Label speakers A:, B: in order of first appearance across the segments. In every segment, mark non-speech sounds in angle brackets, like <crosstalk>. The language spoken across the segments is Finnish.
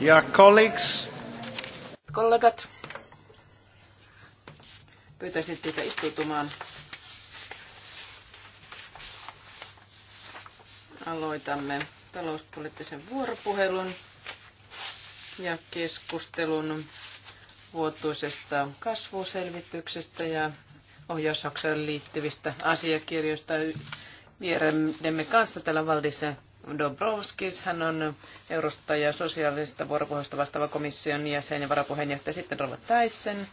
A: Ja colleagues.
B: Kollegat. Pyytäisin teitä istutumaan. Aloitamme talouspoliittisen vuoropuhelun ja keskustelun vuotuisesta kasvuselvityksestä ja ohjausjaksoon liittyvistä asiakirjoista vieremme kanssa täällä Valdisen Dobrovskis. Hän on eurosta ja sosiaalista vuoropuhelusta vastaava komission jäsen ja varapuheenjohtaja. Sitten Rolla Taisen,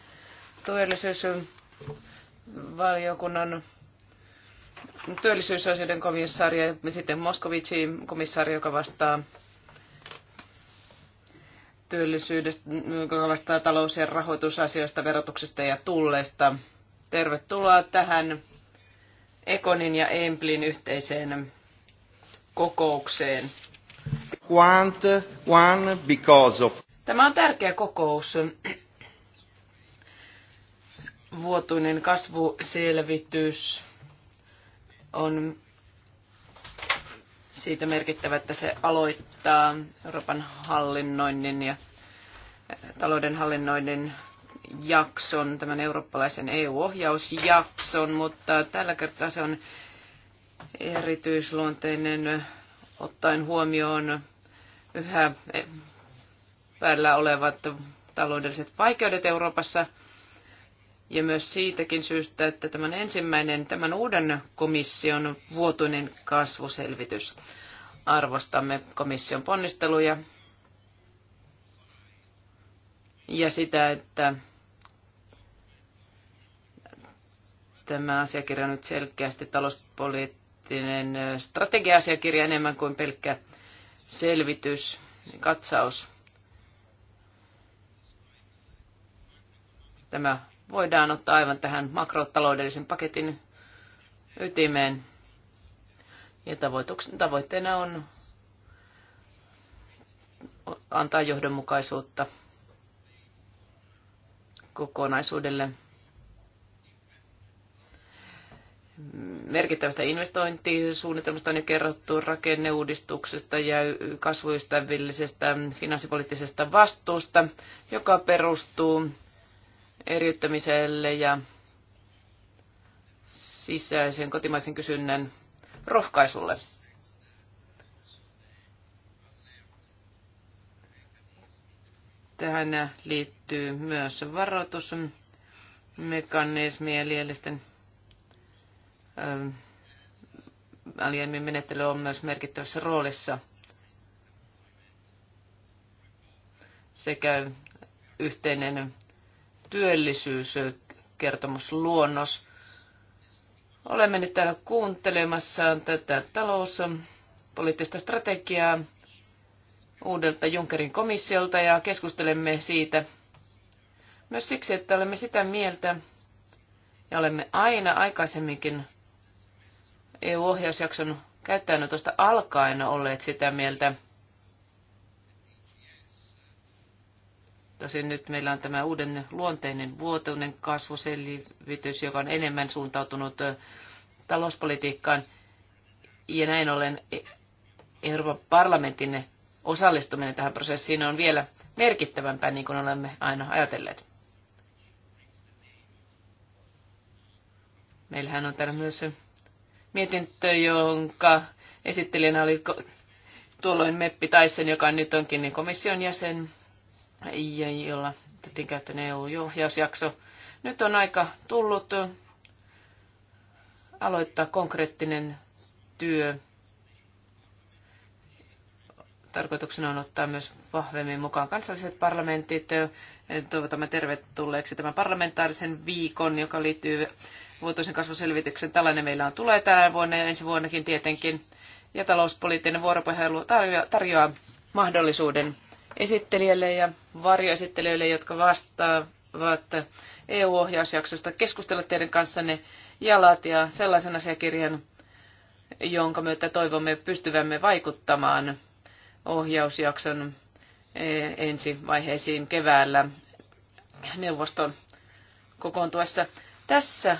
B: työllisyysvaliokunnan työllisyysasioiden komissaari ja sitten Moskovici komissaari, joka vastaa työllisyydestä, joka vastaa talous- ja rahoitusasioista, verotuksesta ja tulleista. Tervetuloa tähän Ekonin ja Emplin yhteiseen kokoukseen.
A: Want one because of...
B: Tämä on tärkeä kokous. Vuotuinen kasvuselvitys on siitä merkittävä, että se aloittaa Euroopan hallinnoinnin ja eh, talouden hallinnoinnin jakson, tämän eurooppalaisen EU-ohjausjakson, mutta tällä kertaa se on erityisluonteinen ottaen huomioon yhä päällä olevat taloudelliset vaikeudet Euroopassa. Ja myös siitäkin syystä, että tämän ensimmäinen, tämän uuden komission vuotuinen kasvuselvitys. Arvostamme komission ponnisteluja ja sitä, että tämä asiakirja nyt selkeästi talouspoliittisesti poliittinen strategia-asiakirja enemmän kuin pelkkä selvitys, katsaus. Tämä voidaan ottaa aivan tähän makrotaloudellisen paketin ytimeen. Ja tavoitteena on antaa johdonmukaisuutta kokonaisuudelle. merkittävästä investointisuunnitelmasta on jo kerrottu, rakenneuudistuksesta ja kasvuystävällisestä finanssipoliittisesta vastuusta, joka perustuu eriyttämiselle ja sisäisen kotimaisen kysynnän rohkaisulle. Tähän liittyy myös varoitusmekanismi eli Ähm, alijäämien menettely on myös merkittävässä roolissa sekä yhteinen työllisyyskertomusluonnos. Olemme nyt täällä kuuntelemassa tätä talouspoliittista strategiaa uudelta Junckerin komissiolta ja keskustelemme siitä myös siksi, että olemme sitä mieltä ja olemme aina aikaisemminkin EU-ohjausjakson käyttäjänotosta alkaen olleet sitä mieltä. Tosin nyt meillä on tämä uuden luonteinen vuotuinen kasvuselvitys, joka on enemmän suuntautunut talouspolitiikkaan. Ja näin ollen Euroopan parlamentin osallistuminen tähän prosessiin on vielä merkittävämpää, niin kuin olemme aina ajatelleet. Meillähän on täällä myös mietintö, jonka esittelijänä oli tuolloin Meppi Taisen, joka nyt onkin niin komission jäsen, ja jolla otettiin käyttöön eu johjausjakso Nyt on aika tullut aloittaa konkreettinen työ. Tarkoituksena on ottaa myös vahvemmin mukaan kansalliset parlamentit. Toivotamme tervetulleeksi tämän parlamentaarisen viikon, joka liittyy vuotuisen kasvuselvityksen. Tällainen meillä on tulee tänä vuonna ja ensi vuonnakin tietenkin. Ja talouspoliittinen vuoropuhelu tarjo- tarjoaa mahdollisuuden esittelijälle ja varjoesittelijöille, jotka vastaavat EU-ohjausjaksosta, keskustella teidän kanssanne ja laatia sellaisen asiakirjan, jonka myötä toivomme pystyvämme vaikuttamaan ohjausjakson eh, ensi vaiheisiin keväällä neuvoston kokoontuessa. Tässä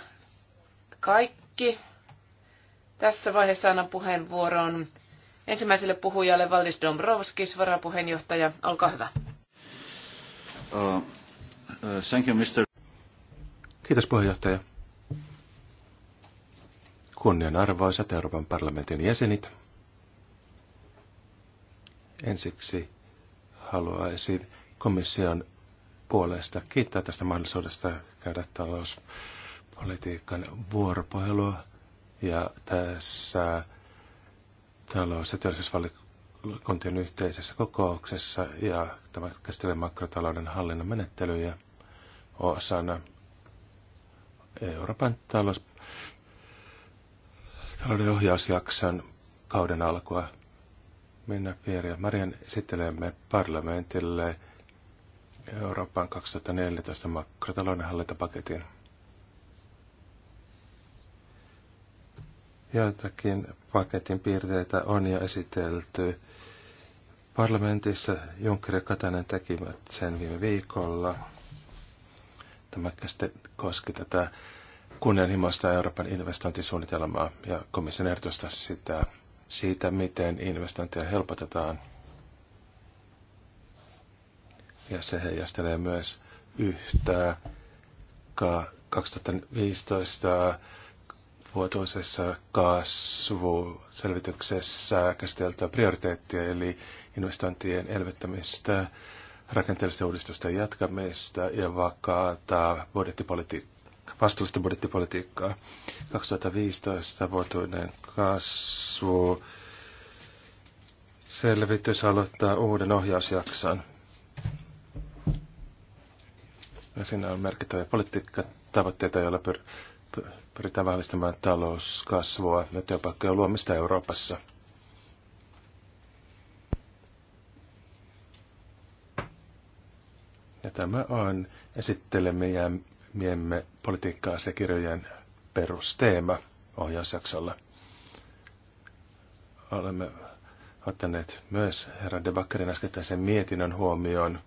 B: kaikki. Tässä vaiheessa annan puheenvuoron ensimmäiselle puhujalle Valdis Dombrovskis, varapuheenjohtaja. Olkaa hyvä.
C: Uh, uh, thank you, Mr. Kiitos puheenjohtaja. Kunnianarvoisat Euroopan parlamentin jäsenit. Ensiksi haluaisin komission puolesta kiittää tästä mahdollisuudesta käydä talous- politiikan vuoropuhelua ja tässä talous- ja työllisyysvaliokuntien yhteisessä kokouksessa ja tämä käsittelee makrotalouden hallinnan menettelyjä osana Euroopan talous- talouden ohjausjakson kauden alkua. Minna Pieri ja Marian esittelemme parlamentille Euroopan 2014 makrotalouden hallintapaketin. Joitakin paketin piirteitä on jo esitelty. Parlamentissa Juncker ja Katainen tekivät sen viime viikolla. Tämä koski tätä kunnianhimoista Euroopan investointisuunnitelmaa ja komission ehdotusta sitä, siitä, miten investointeja helpotetaan. Ja se heijastelee myös yhtä 2015 vuotuisessa kasvuselvityksessä käsiteltyä prioriteettia, eli investointien elvyttämistä, rakenteellista uudistusten jatkamista ja vakaata budjettipolitiikkaa vastuullista budjettipolitiikkaa. 2015 vuotuinen kasvu selvitys aloittaa uuden ohjausjakson. Ja siinä on merkittäviä politiikkatavoitteita, joilla pyr- pyritään vahvistamaan talouskasvua ja työpaikkojen luomista Euroopassa. Ja tämä on esittelemiemme politiikka-asiakirjojen perusteema ohjausjaksolla. Olemme ottaneet myös herra Debakkerin äskettäisen mietinnön huomioon –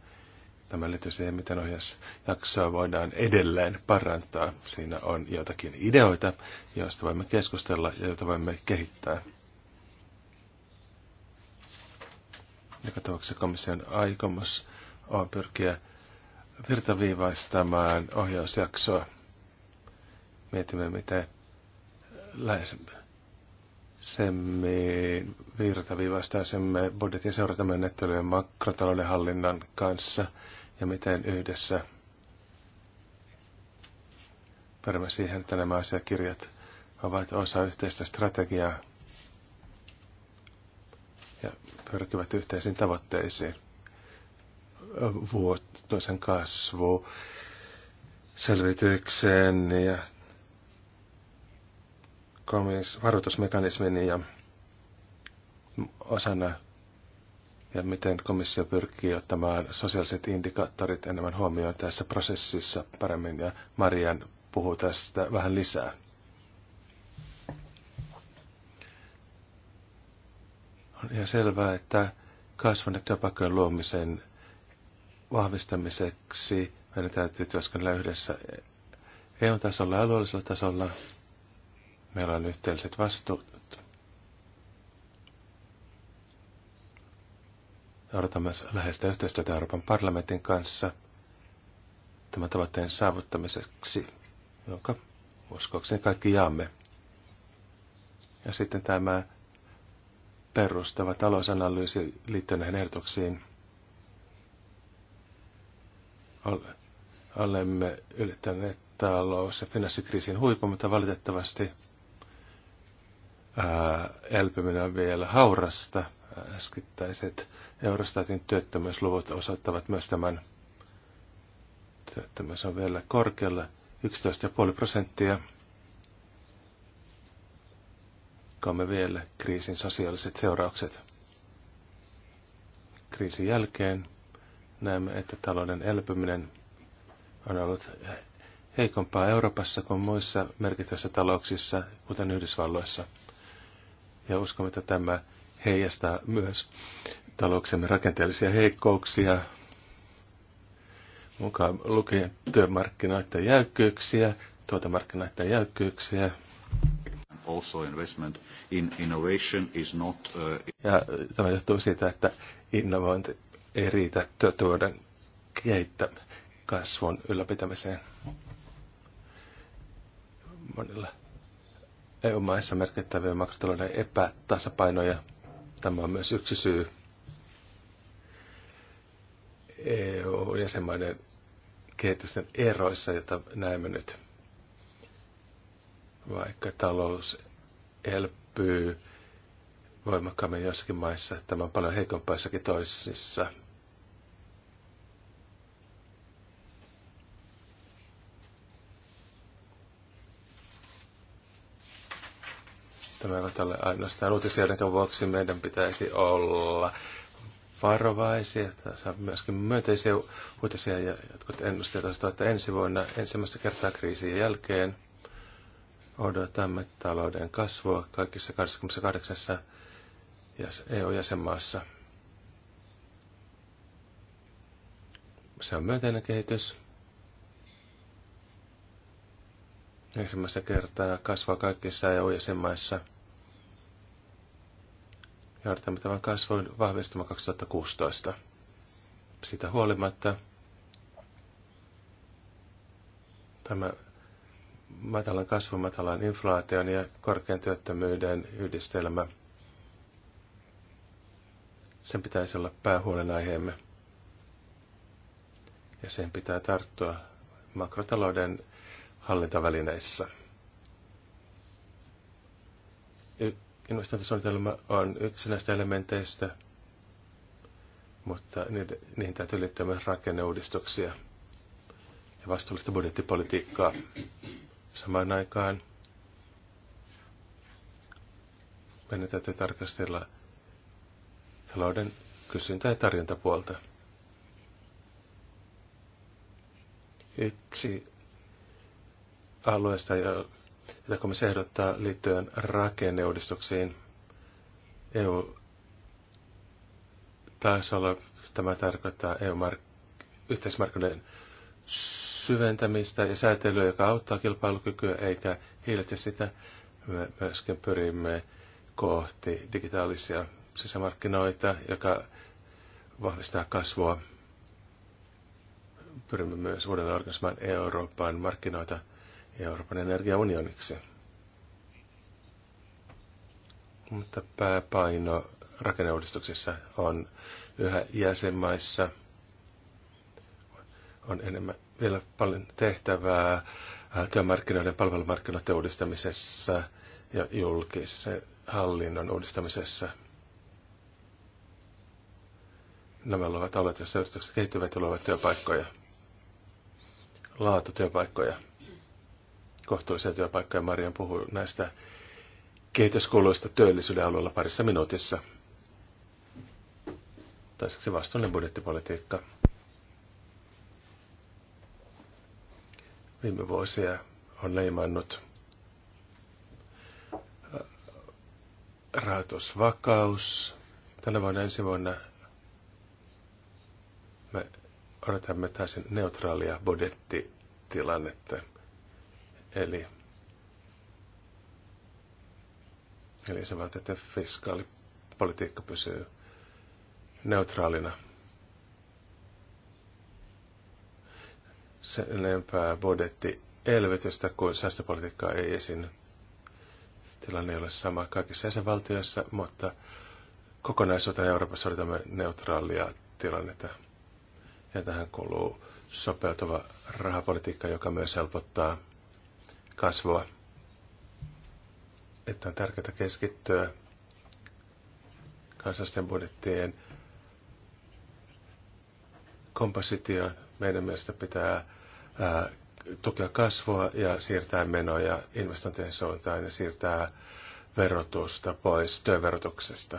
C: Tämä liittyy siihen, miten ohjausjaksoa voidaan edelleen parantaa. Siinä on jotakin ideoita, joista voimme keskustella ja joita voimme kehittää. Joka tapauksessa komission aikomus on pyrkiä virtaviivaistamaan ohjausjaksoa. Mietimme, miten lähes semmin virtaviivaistaisemme budjetin seurantamenettelyjen makrotalouden hallinnan kanssa – ja miten yhdessä pyrimme siihen, että nämä asiakirjat ovat osa yhteistä strategiaa ja pyrkivät yhteisiin tavoitteisiin. Vuotuisen kasvu, selvitykseen ja varoitusmekanismin ja osana ja miten komissio pyrkii ottamaan sosiaaliset indikaattorit enemmän huomioon tässä prosessissa paremmin, ja Marian puhuu tästä vähän lisää. On ihan selvää, että kasvun ja työpaikkojen luomisen vahvistamiseksi meidän täytyy työskennellä yhdessä EU-tasolla ja alueellisella tasolla. Meillä on yhteiset vastuut, ja odotan myös läheistä yhteistyötä Euroopan parlamentin kanssa tämän tavoitteen saavuttamiseksi, jonka uskoakseni kaikki jaamme. Ja sitten tämä perustava talousanalyysi liittyen näihin ehdotuksiin. Olemme ylittäneet talous- ja finanssikriisin huipun, mutta valitettavasti ää, elpyminen on vielä haurasta – äskettäiset Eurostatin työttömyysluvut osoittavat myös tämän. Työttömyys on vielä korkealla, 11,5 prosenttia. Kaamme vielä kriisin sosiaaliset seuraukset. Kriisin jälkeen näemme, että talouden elpyminen on ollut heikompaa Euroopassa kuin muissa merkittävissä talouksissa, kuten Yhdysvalloissa. Ja uskomme, että tämä heijastaa myös talouksemme rakenteellisia heikkouksia, mukaan lukien työmarkkinoiden jäykkyyksiä, tuotemarkkinoiden jäykkyyksiä. Also investment in innovation is not, uh... Ja tämä johtuu siitä, että innovointi ei riitä työtalouden keittä kasvun ylläpitämiseen. Monilla EU-maissa merkittäviä makrotalouden epätasapainoja – Tämä on myös yksi syy EU-jäsenmaiden kehitysten eroissa, jota näemme nyt. Vaikka talous elpyy voimakkaammin jossakin maissa, tämä on paljon heikompaissakin toisissa. Tämä eivät ole ainoastaan uutisia, joiden vuoksi meidän pitäisi olla varovaisia. Tässä on myöskin myönteisiä uutisia ja jotkut ennusteet osoittavat, että ensi vuonna ensimmäistä kertaa kriisin jälkeen odotamme talouden kasvua kaikissa 28 EU-jäsenmaassa. Se on myönteinen kehitys. ensimmäistä kertaa kasvaa kaikissa EU-jäsenmaissa. Ja odotamme tämän kasvun vahvistuma 2016. Sitä huolimatta tämä matalan kasvun, matalan inflaation ja korkean työttömyyden yhdistelmä, sen pitäisi olla päähuolenaiheemme. Ja sen pitää tarttua makrotalouden hallintavälineissä. Investointisuunnitelma on yksi näistä elementeistä, mutta niihin täytyy liittyä myös rakenneuudistuksia ja vastuullista budjettipolitiikkaa. Samaan aikaan meidän täytyy tarkastella talouden kysyntä- ja tarjontapuolta. Yksi alueesta, jota komissio ehdottaa liittyen rakenneuudistuksiin. EU-tasolla tämä tarkoittaa EU-yhteismarkkinoiden syventämistä ja säätelyä, joka auttaa kilpailukykyä eikä hiilitä sitä. Me myöskin pyrimme kohti digitaalisia sisämarkkinoita, joka vahvistaa kasvua. Pyrimme myös uudelleen organisoimaan Euroopan markkinoita Euroopan energiaunioniksi. Mutta pääpaino rakenneuudistuksessa on yhä jäsenmaissa. On enemmän, vielä paljon tehtävää työmarkkinoiden palvelumarkkinoiden uudistamisessa ja julkisen hallinnon uudistamisessa. Nämä ovat alat, joissa yritykset kehittyvät ja luovat työpaikkoja, laatutyöpaikkoja. työpaikkoja kohtuullisia työpaikkoja. Marian puhui näistä kehityskuluista työllisyyden alueella parissa minuutissa. Toiseksi vastuullinen budjettipolitiikka. Viime vuosia on leimannut äh, rahoitusvakaus. Tänä vuonna ensi vuonna me odotamme täysin neutraalia budjettitilannetta. Eli, eli se vaatii, että fiskaalipolitiikka pysyy neutraalina. Sen enempää budjetti elvytystä kuin säästöpolitiikkaa ei esiin. Tilanne ei ole sama kaikissa jäsenvaltioissa, mutta kokonaisuutena Euroopassa tämä neutraalia tilannetta. Ja tähän kuuluu sopeutuva rahapolitiikka, joka myös helpottaa – kasvua. Että on tärkeää keskittyä kansallisten budjettien kompositioon. Meidän mielestä pitää ää, tukea kasvua ja siirtää menoja investointien suuntaan ja siirtää verotusta pois työverotuksesta.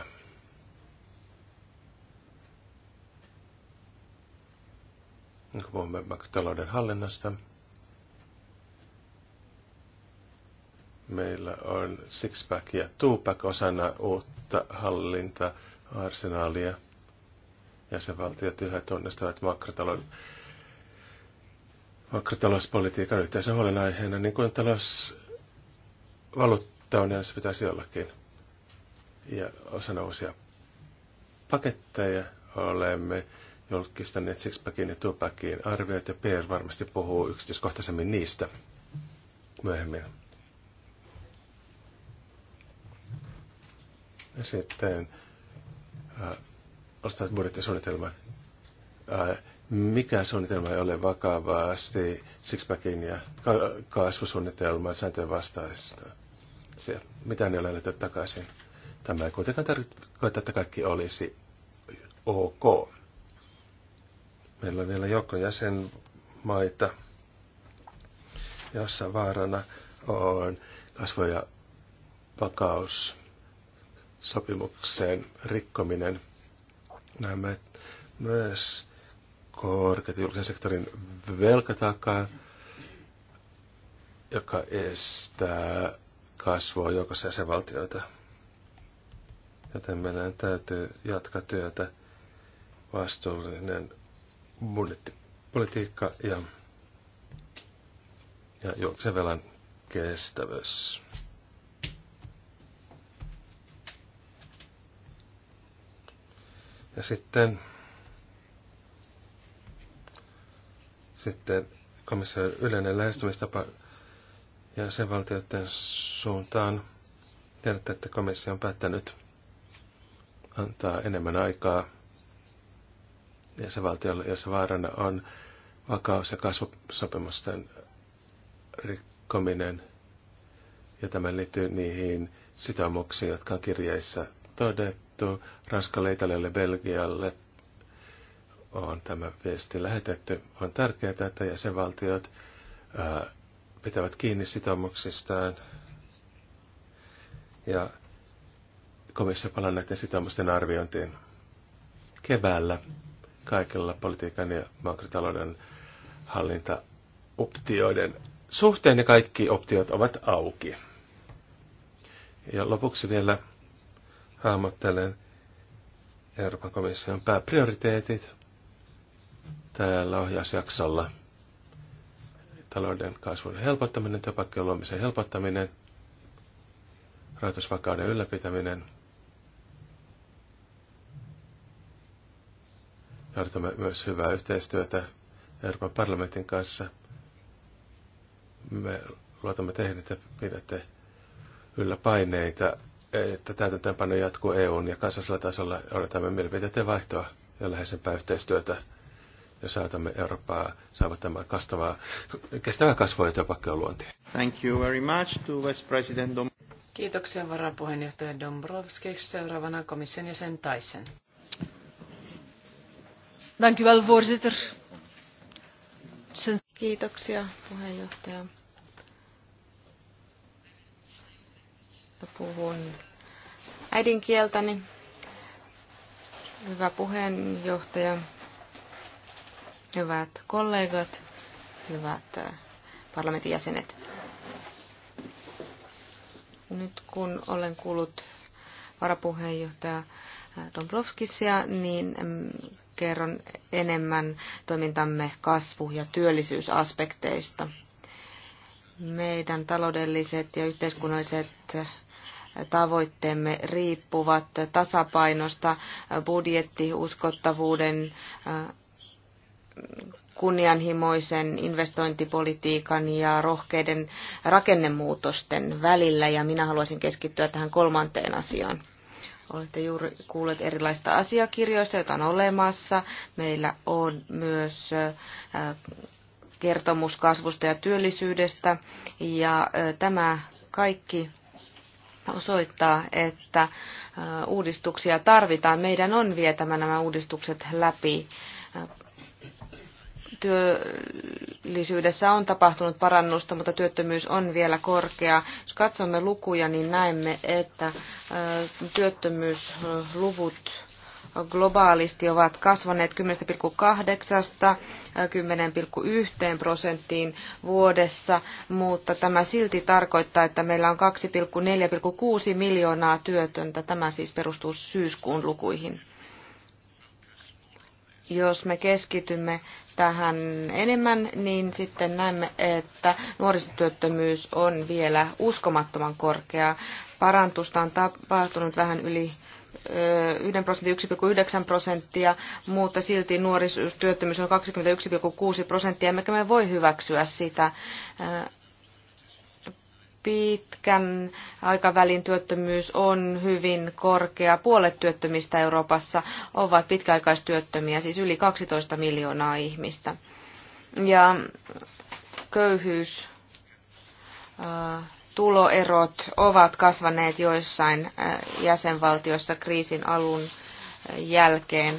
C: Kun puhumme talouden hallinnasta, Meillä on sixpack ja Tupac osana uutta hallinta arsenaalia. Jäsenvaltiot yhä tunnistavat makrotalon makrotalouspolitiikan yhteisen huolenaiheena, niin kuin talousvaluutta on, ja se pitäisi ollakin. Ja osana uusia paketteja olemme julkistaneet Sixpackin ja Tupackin arviot, ja Per varmasti puhuu yksityiskohtaisemmin niistä myöhemmin. Ja sitten ostaa äh, budjettisuunnitelmat. Äh, mikä suunnitelma ei ole vakavasti Sixpackin ja ka- kasvusuunnitelman sääntöjen vastaista? Se, mitä ne ole annettu takaisin? Tämä ei kuitenkaan tarkoita, että kaikki olisi ok. Meillä on vielä joukko jäsenmaita, jossa vaarana on kasvoja vakaus sopimuksen rikkominen. Näemme myös korkeat julkisen sektorin velkataakkaa, joka estää kasvua joukossa jäsenvaltioita. Joten meidän täytyy jatkaa työtä vastuullinen budjettipolitiikka ja, ja julkisen velan kestävyys. Ja sitten, sitten komissio yleinen lähestymistapa valtioiden suuntaan. Tiedätte, että komissio on päättänyt antaa enemmän aikaa ja se valtiolle, jossa vaarana on vakaus- ja kasvusopimusten rikkominen. Ja tämä liittyy niihin sitoumuksiin, jotka on kirjeissä todettu, Ranskalle, Italialle, Belgialle on tämä viesti lähetetty. On tärkeää, että jäsenvaltiot ää, pitävät kiinni sitoumuksistaan ja komissio palaa näiden sitoumusten arviointiin keväällä kaikilla politiikan ja makrotalouden hallintaoptioiden suhteen ja kaikki optiot ovat auki. Ja lopuksi vielä hahmottelen Euroopan komission pääprioriteetit täällä ohjausjaksolla. Talouden kasvun helpottaminen, työpaikkojen luomisen helpottaminen, rahoitusvakauden ylläpitäminen. Joudutamme myös hyvää yhteistyötä Euroopan parlamentin kanssa. Me luotamme tehdä, että pidätte yllä paineita että täytäntöönpano jatkuu EUn ja kansallisella tasolla odotamme mielipiteiden vaihtoa ja läheisempää yhteistyötä ja saatamme Eurooppaa saavuttamaan kastavaa, kestävää kasvua ja työpaikkojen luontia.
A: Thank you very much to West President Dom-
B: Kiitoksia varapuheenjohtaja Dombrovski. Seuraavana komission jäsen Tyson.
A: Thank you well, Kiitoksia puheenjohtaja. puhun äidinkieltäni. Hyvä puheenjohtaja, hyvät kollegat, hyvät äh, parlamentin jäsenet. Nyt kun olen kuullut varapuheenjohtaja äh, Dombrovskisia, niin mm, kerron enemmän toimintamme kasvu- ja työllisyysaspekteista. Meidän taloudelliset ja yhteiskunnalliset tavoitteemme riippuvat tasapainosta, budjettiuskottavuuden, kunnianhimoisen investointipolitiikan ja rohkeiden rakennemuutosten välillä, ja minä haluaisin keskittyä tähän kolmanteen asiaan. Olette juuri kuulleet erilaista asiakirjoista, joita on olemassa. Meillä on myös äh, kertomus kasvusta ja työllisyydestä, ja äh, tämä kaikki osoittaa, että äh, uudistuksia tarvitaan. Meidän on vietävä nämä uudistukset läpi. Äh, työllisyydessä on tapahtunut parannusta, mutta työttömyys on vielä korkea. Jos katsomme lukuja, niin näemme, että äh, työttömyysluvut globaalisti ovat kasvaneet 10,8 10,1 prosenttiin vuodessa, mutta tämä silti tarkoittaa, että meillä on 2,4,6 miljoonaa työtöntä. Tämä siis perustuu syyskuun lukuihin. Jos me keskitymme tähän enemmän, niin sitten näemme, että nuorisotyöttömyys on vielä uskomattoman korkea. Parantusta on tapahtunut vähän yli 1,9 prosenttia, mutta silti nuorisotyöttömyys on 21,6 prosenttia, emmekä me voi hyväksyä sitä pitkän aikavälin työttömyys on hyvin korkea. Puolet työttömistä Euroopassa ovat pitkäaikaistyöttömiä, siis yli 12 miljoonaa ihmistä. Ja köyhyys tuloerot ovat kasvaneet joissain äh, jäsenvaltioissa kriisin alun äh, jälkeen.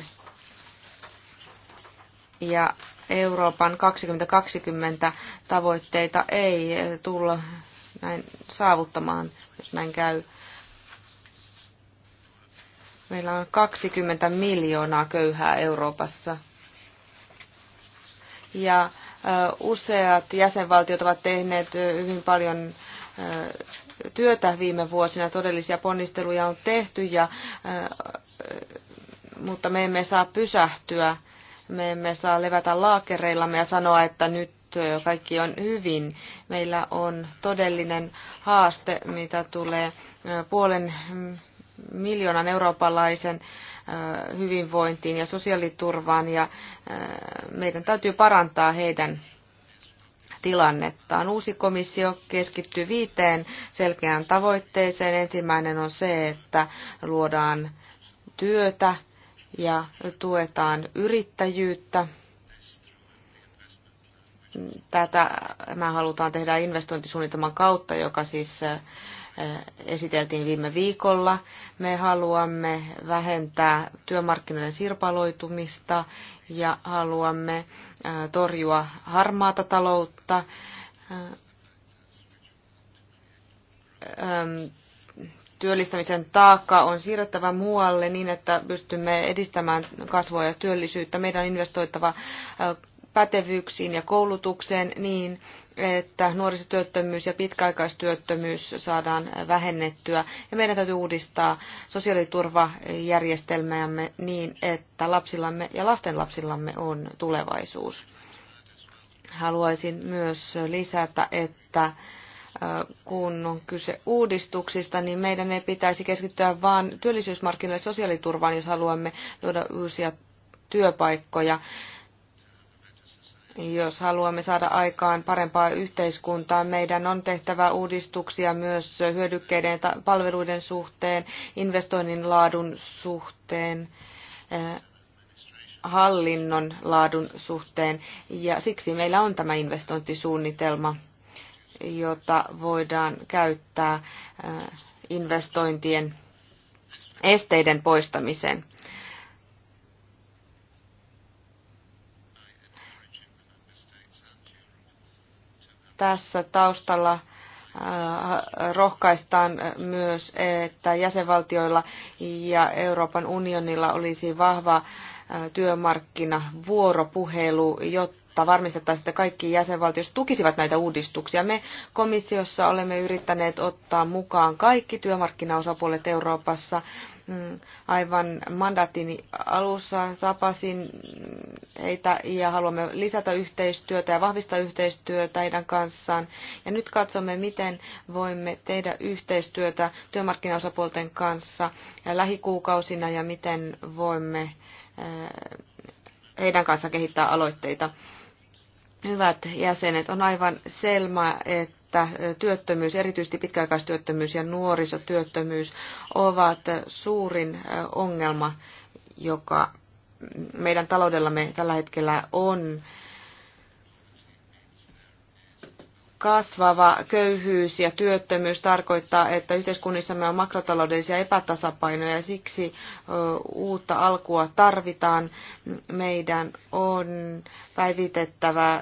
A: Ja Euroopan 2020 tavoitteita ei äh, tulla näin saavuttamaan, jos näin käy. Meillä on 20 miljoonaa köyhää Euroopassa. Ja useat jäsenvaltiot ovat tehneet hyvin paljon työtä viime vuosina, todellisia ponnisteluja on tehty, ja, mutta me emme saa pysähtyä, me emme saa levätä laakereillamme ja sanoa, että nyt kaikki on hyvin. Meillä on todellinen haaste, mitä tulee puolen miljoonan eurooppalaisen hyvinvointiin ja sosiaaliturvaan ja meidän täytyy parantaa heidän tilannettaan. Uusi komissio keskittyy viiteen selkeään tavoitteeseen. Ensimmäinen on se, että luodaan työtä ja tuetaan yrittäjyyttä. Tätä me halutaan tehdä investointisuunnitelman kautta, joka siis esiteltiin viime viikolla. Me haluamme vähentää työmarkkinoiden sirpaloitumista ja haluamme torjua harmaata taloutta työllistämisen taakka on siirrettävä muualle niin, että pystymme edistämään kasvua ja työllisyyttä. Meidän on investoitava pätevyyksiin ja koulutukseen niin, että nuorisotyöttömyys ja pitkäaikaistyöttömyys saadaan vähennettyä. Ja meidän täytyy uudistaa sosiaaliturvajärjestelmäämme niin, että lapsillamme ja lastenlapsillamme on tulevaisuus. Haluaisin myös lisätä, että kun on kyse uudistuksista, niin meidän ei pitäisi keskittyä vain työllisyysmarkkinoille sosiaaliturvaan, jos haluamme luoda uusia työpaikkoja. Jos haluamme saada aikaan parempaa yhteiskuntaa, meidän on tehtävä uudistuksia myös hyödykkeiden ja palveluiden suhteen, investoinnin laadun suhteen, eh, hallinnon laadun suhteen. Ja siksi meillä on tämä investointisuunnitelma, jota voidaan käyttää eh, investointien esteiden poistamiseen. Tässä taustalla äh, rohkaistaan myös, että jäsenvaltioilla ja Euroopan unionilla olisi vahva äh, työmarkkina vuoropuhelu, jotta varmistettaisiin, että kaikki jäsenvaltiot tukisivat näitä uudistuksia. Me komissiossa olemme yrittäneet ottaa mukaan kaikki työmarkkinaosapuolet Euroopassa Mm, aivan mandaattini alussa tapasin heitä ja haluamme lisätä yhteistyötä ja vahvistaa yhteistyötä heidän kanssaan. Ja nyt katsomme, miten voimme tehdä yhteistyötä työmarkkinaosapuolten kanssa lähikuukausina ja miten voimme eh, heidän kanssa kehittää aloitteita. Hyvät jäsenet, on aivan selmä, että että työttömyys, erityisesti pitkäaikaistyöttömyys ja nuorisotyöttömyys ovat suurin ongelma, joka meidän taloudellamme tällä hetkellä on. Kasvava köyhyys ja työttömyys tarkoittaa, että yhteiskunnissamme on makrotaloudellisia epätasapainoja ja siksi uutta alkua tarvitaan. Meidän on päivitettävä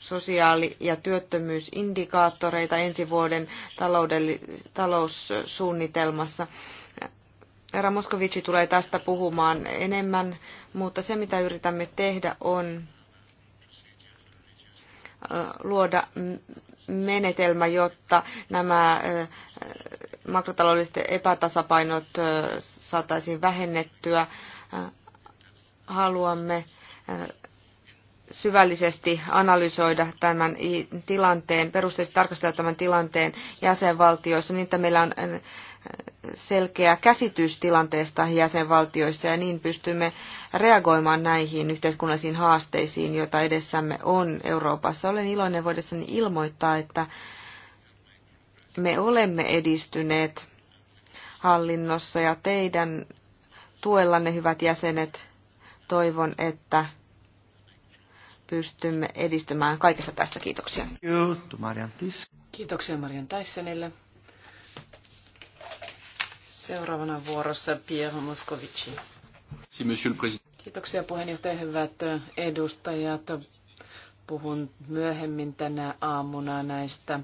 A: sosiaali- ja työttömyysindikaattoreita ensi vuoden taloussuunnitelmassa. Herra Moskovici tulee tästä puhumaan enemmän, mutta se mitä yritämme tehdä on äh, luoda menetelmä, jotta nämä äh, makrotaloudelliset epätasapainot äh, saataisiin vähennettyä. Haluamme syvällisesti analysoida tämän tilanteen, perusteellisesti tarkastella tämän tilanteen jäsenvaltioissa, niin että meillä on äh, selkeä käsitys tilanteesta jäsenvaltioissa ja niin pystymme reagoimaan näihin yhteiskunnallisiin haasteisiin, joita edessämme on Euroopassa. Olen iloinen voidessani ilmoittaa, että me olemme edistyneet hallinnossa ja teidän tuellanne, hyvät jäsenet, toivon, että pystymme edistymään kaikessa tässä. Kiitoksia.
B: Kiitoksia Marian Taissenille. Seuraavana vuorossa Pierre Moscovici. Kiitoksia puheenjohtaja, hyvät edustajat. Puhun myöhemmin tänä aamuna näistä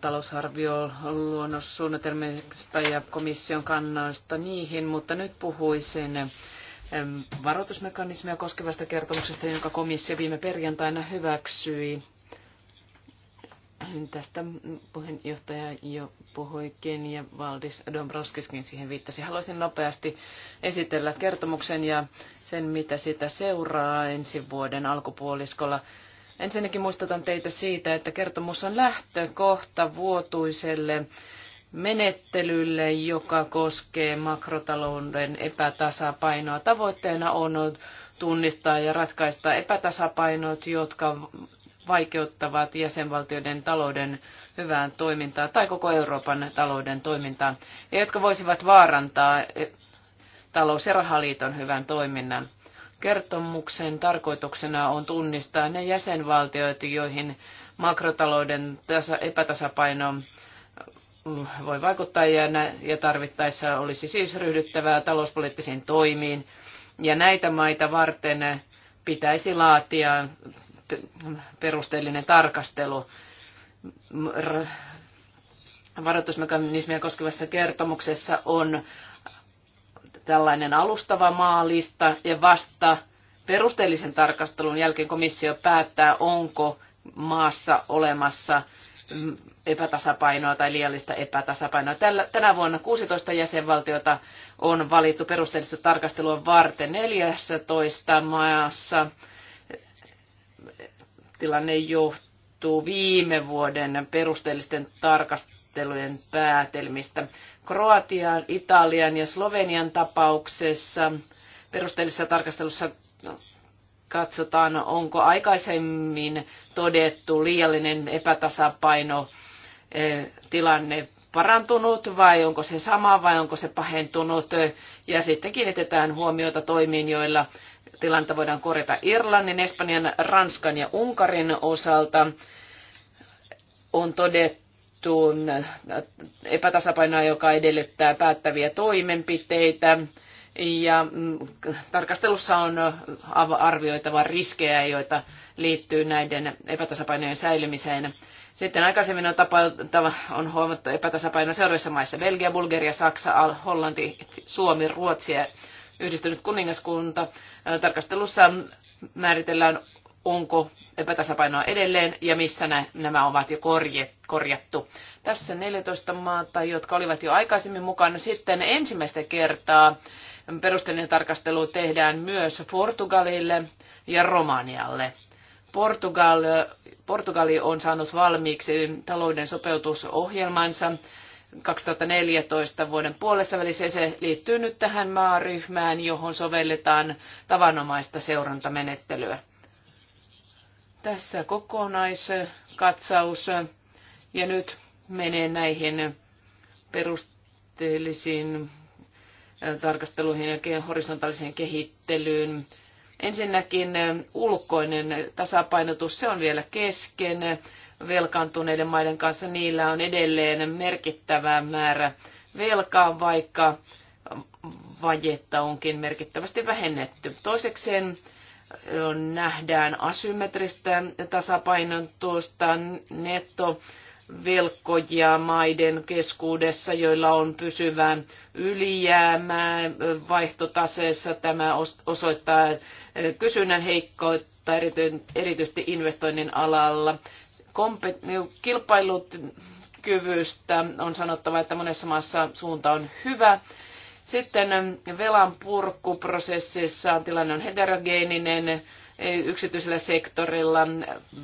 B: talousarvioluonnossuunnitelmista ja komission kannoista niihin, mutta nyt puhuisin varoitusmekanismia koskevasta kertomuksesta, jonka komissio viime perjantaina hyväksyi. Tästä puheenjohtaja jo puhuikin ja Valdis Dombrovskiskin siihen viittasi. Haluaisin nopeasti esitellä kertomuksen ja sen, mitä sitä seuraa ensi vuoden alkupuoliskolla. Ensinnäkin muistutan teitä siitä, että kertomus on lähtökohta vuotuiselle menettelylle, joka koskee makrotalouden epätasapainoa. Tavoitteena on tunnistaa ja ratkaista epätasapainot, jotka vaikeuttavat jäsenvaltioiden talouden hyvää toimintaa tai koko Euroopan talouden toimintaa, ja jotka voisivat vaarantaa talous- ja rahaliiton hyvän toiminnan. Kertomuksen tarkoituksena on tunnistaa ne jäsenvaltiot, joihin makrotalouden epätasapaino voi vaikuttaa ja, ja tarvittaessa olisi siis ryhdyttävää talouspoliittisiin toimiin. Ja näitä maita varten pitäisi laatia perusteellinen tarkastelu varoitusmekanismia koskevassa kertomuksessa on tällainen alustava maalista ja vasta perusteellisen tarkastelun jälkeen komissio päättää, onko maassa olemassa epätasapainoa tai liiallista epätasapainoa. Tällä, tänä vuonna 16 jäsenvaltiota on valittu perusteellista tarkastelua varten 14 maassa. Tilanne johtuu viime vuoden perusteellisten tarkastelujen päätelmistä. Kroatian, Italian ja Slovenian tapauksessa perusteellisessa tarkastelussa katsotaan, onko aikaisemmin todettu liiallinen epätasapaino eh, tilanne parantunut vai onko se sama vai onko se pahentunut. Ja sitten kiinnitetään huomiota toimiin, joilla tilanta voidaan korjata Irlannin, Espanjan, Ranskan ja Unkarin osalta. On todettu mm, epätasapainoa, joka edellyttää päättäviä toimenpiteitä ja mm, tarkastelussa on arvioitava riskejä, joita liittyy näiden epätasapainojen säilymiseen. Sitten aikaisemmin on, tapa, on huomattu epätasapaino seuraavissa maissa. Belgia, Bulgaria, Saksa, Hollanti, Suomi, Ruotsi ja yhdistynyt kuningaskunta. Tarkastelussa määritellään, onko epätasapainoa edelleen ja missä nämä ovat jo korjattu. Tässä 14 maata, jotka olivat jo aikaisemmin mukana. Sitten ensimmäistä kertaa perusteellinen tarkastelu tehdään myös Portugalille ja Romanialle. Portugal, Portugali on saanut valmiiksi talouden sopeutusohjelmansa 2014 vuoden puolessa välissä. Se liittyy nyt tähän maaryhmään, johon sovelletaan tavanomaista seurantamenettelyä. Tässä kokonaiskatsaus. Ja nyt menen näihin perusteellisiin tarkasteluihin ja horisontaaliseen kehittelyyn. Ensinnäkin ulkoinen tasapainotus, se on vielä kesken velkaantuneiden maiden kanssa. Niillä on edelleen merkittävä määrä velkaa, vaikka vajetta onkin merkittävästi vähennetty. Toisekseen nähdään asymmetristä tasapainotusta netto velkojia maiden keskuudessa, joilla on pysyvää ylijäämää vaihtotaseessa. Tämä osoittaa kysynnän heikkoutta erityisesti investoinnin alalla. Niin kilpailukyvystä on sanottava, että monessa maassa suunta on hyvä. Sitten velan purkuprosessissa tilanne on heterogeeninen yksityisellä sektorilla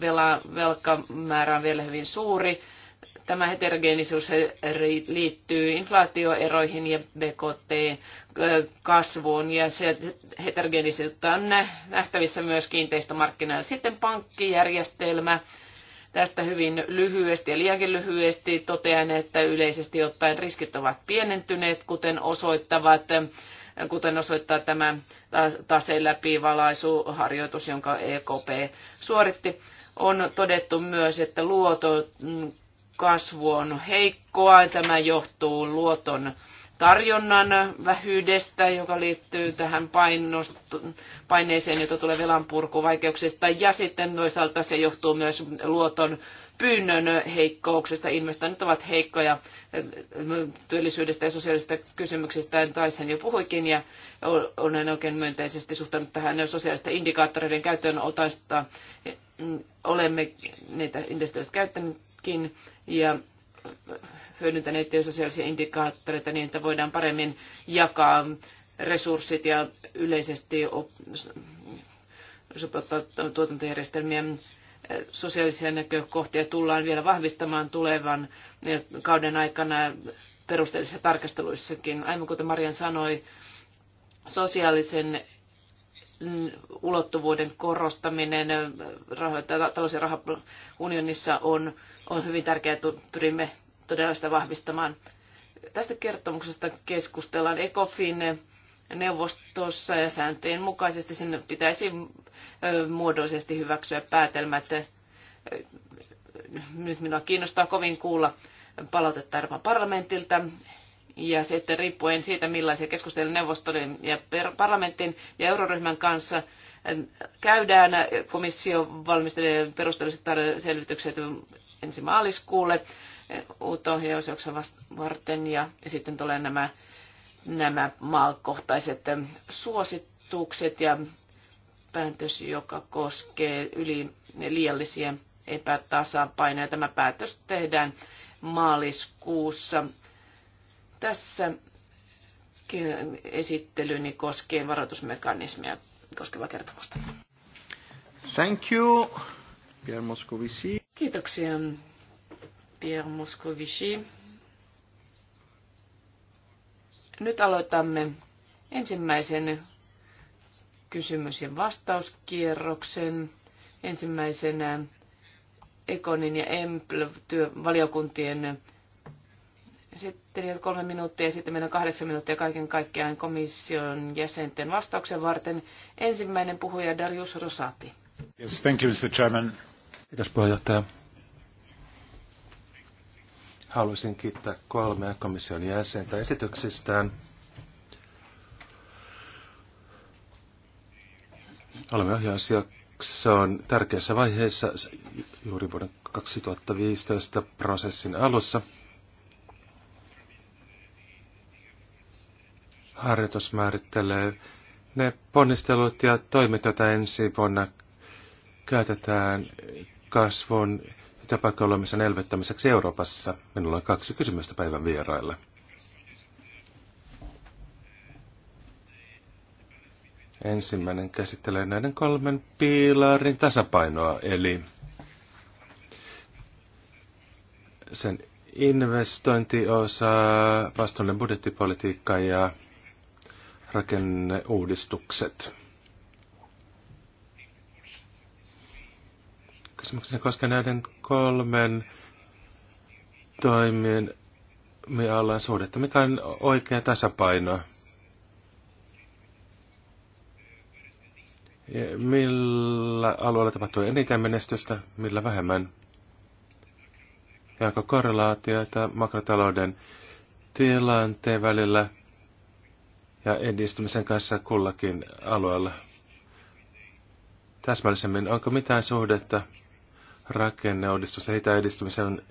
B: velka velkamäärä on vielä hyvin suuri. Tämä heterogeenisuus liittyy inflaatioeroihin ja BKT-kasvuun ja se heterogeenisuutta on nähtävissä myös kiinteistömarkkinoilla. Sitten pankkijärjestelmä. Tästä hyvin lyhyesti ja liiankin lyhyesti totean, että yleisesti ottaen riskit ovat pienentyneet, kuten osoittavat kuten osoittaa tämä taseen läpivalaisuharjoitus, jonka EKP suoritti. On todettu myös, että luoton kasvu on heikkoa. Tämä johtuu luoton tarjonnan vähyydestä, joka liittyy tähän paineeseen, jota tulee velan purkuvaikeuksista. Ja sitten toisaalta se johtuu myös luoton pyynnön heikkouksesta. Investoinnit ovat heikkoja työllisyydestä ja sosiaalisista kysymyksistä. Taisen jo puhuikin ja olen oikein myönteisesti suhtannut tähän sosiaalisten indikaattoreiden käyttöön otaista. Olemme niitä investoinnit käyttäneet muutkin ja hyödyntäneet sosiaalisia indikaattoreita niin, että voidaan paremmin jakaa resurssit ja yleisesti sopeuttaa tuotantojärjestelmiä sosiaalisia näkökohtia tullaan vielä vahvistamaan tulevan kauden aikana perusteellisissa tarkasteluissakin. Aivan kuten Marian sanoi, sosiaalisen Mm, ulottuvuuden korostaminen talous- ja rahaunionissa on, on hyvin tärkeää, että pyrimme todella sitä vahvistamaan. Tästä kertomuksesta keskustellaan ECOFIN neuvostossa ja sääntöjen mukaisesti sen pitäisi muodollisesti hyväksyä päätelmät. Nyt minua kiinnostaa kovin kuulla palautetta Euroopan parlamentilta ja sitten riippuen siitä, millaisia keskusteluja neuvoston ja parlamentin ja euroryhmän kanssa ähm, käydään, komissio valmistelee perusteelliset selvitykset ensi maaliskuulle äh, uutta ohjausjakson varten ja sitten tulee nämä, nämä maakohtaiset ähm, suositukset ja päätös, joka koskee yli liiallisia epätasapainoja. Tämä päätös tehdään maaliskuussa tässä esittelyni koskien varoitusmekanismia koskeva kertomusta.
C: Thank you, Pierre Moscovici.
B: Kiitoksia, Pierre Moscovici. Nyt aloitamme ensimmäisen kysymys- ja vastauskierroksen. Ensimmäisenä Ekonin ja Empl-valiokuntien esittelijät kolme minuuttia ja sitten meillä on kahdeksan minuuttia kaiken kaikkiaan komission jäsenten vastauksen varten. Ensimmäinen puhuja Darius Rosati.
C: Yes, thank you, Mr. Chairman. Kiitos puheenjohtaja. Haluaisin kiittää kolmea komission jäsentä esityksistään. Olemme on tärkeässä vaiheessa juuri vuoden 2015 prosessin alussa – harjoitus määrittelee ne ponnistelut ja toimet, joita ensi vuonna käytetään kasvun ja tapakoulumisen elvyttämiseksi Euroopassa. Minulla on kaksi kysymystä päivän vieraille. Ensimmäinen käsittelee näiden kolmen piilarin tasapainoa, eli sen investointiosa, vastuullinen budjettipolitiikka ja rakenneuudistukset. Kysymyksenä koskee näiden kolmen toimien alan suhdetta. Mikä on oikea tasapaino? Ja millä alueella tapahtuu eniten menestystä, millä vähemmän? Ja onko korrelaatioita makrotalouden tilanteen välillä – ja edistymisen kanssa kullakin alueella. Täsmällisemmin, onko mitään suhdetta rakenneuudistus ja hita edistymisen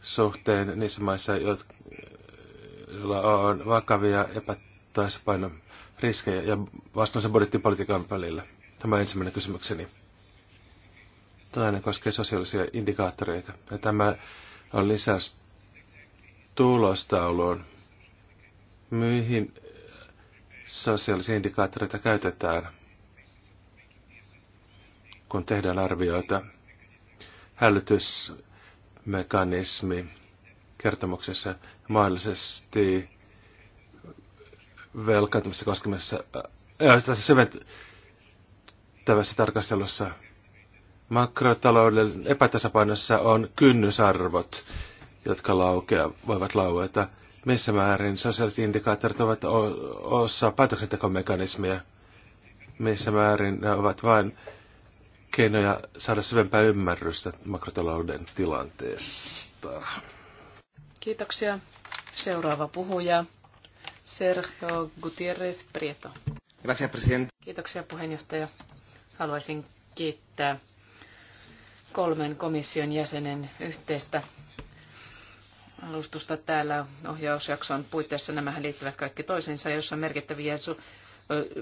C: suhteen niissä maissa, joilla on vakavia epätasapainon riskejä ja vastuunsa budjettipolitiikan välillä? Tämä on ensimmäinen kysymykseni. Toinen koskee sosiaalisia indikaattoreita. Ja tämä on lisäys tulostauluun mihin sosiaalisia indikaattoreita käytetään, kun tehdään arvioita. Hälytysmekanismi kertomuksessa mahdollisesti velkaantumista koskemassa, äh, äh tässä syventävässä tarkastelussa makrotalouden epätasapainossa on kynnysarvot, jotka laukea, voivat laueta missä määrin sosiaaliset indikaattorit ovat osa päätöksentekomekanismia, missä määrin ne ovat vain keinoja saada syvempää ymmärrystä makrotalouden tilanteesta.
B: Kiitoksia. Seuraava puhuja, Sergio Gutierrez Prieto. presidente. Kiitoksia puheenjohtaja. Haluaisin kiittää kolmen komission jäsenen yhteistä alustusta täällä ohjausjakson puitteissa. nämä liittyvät kaikki toisiinsa, jossa on merkittäviä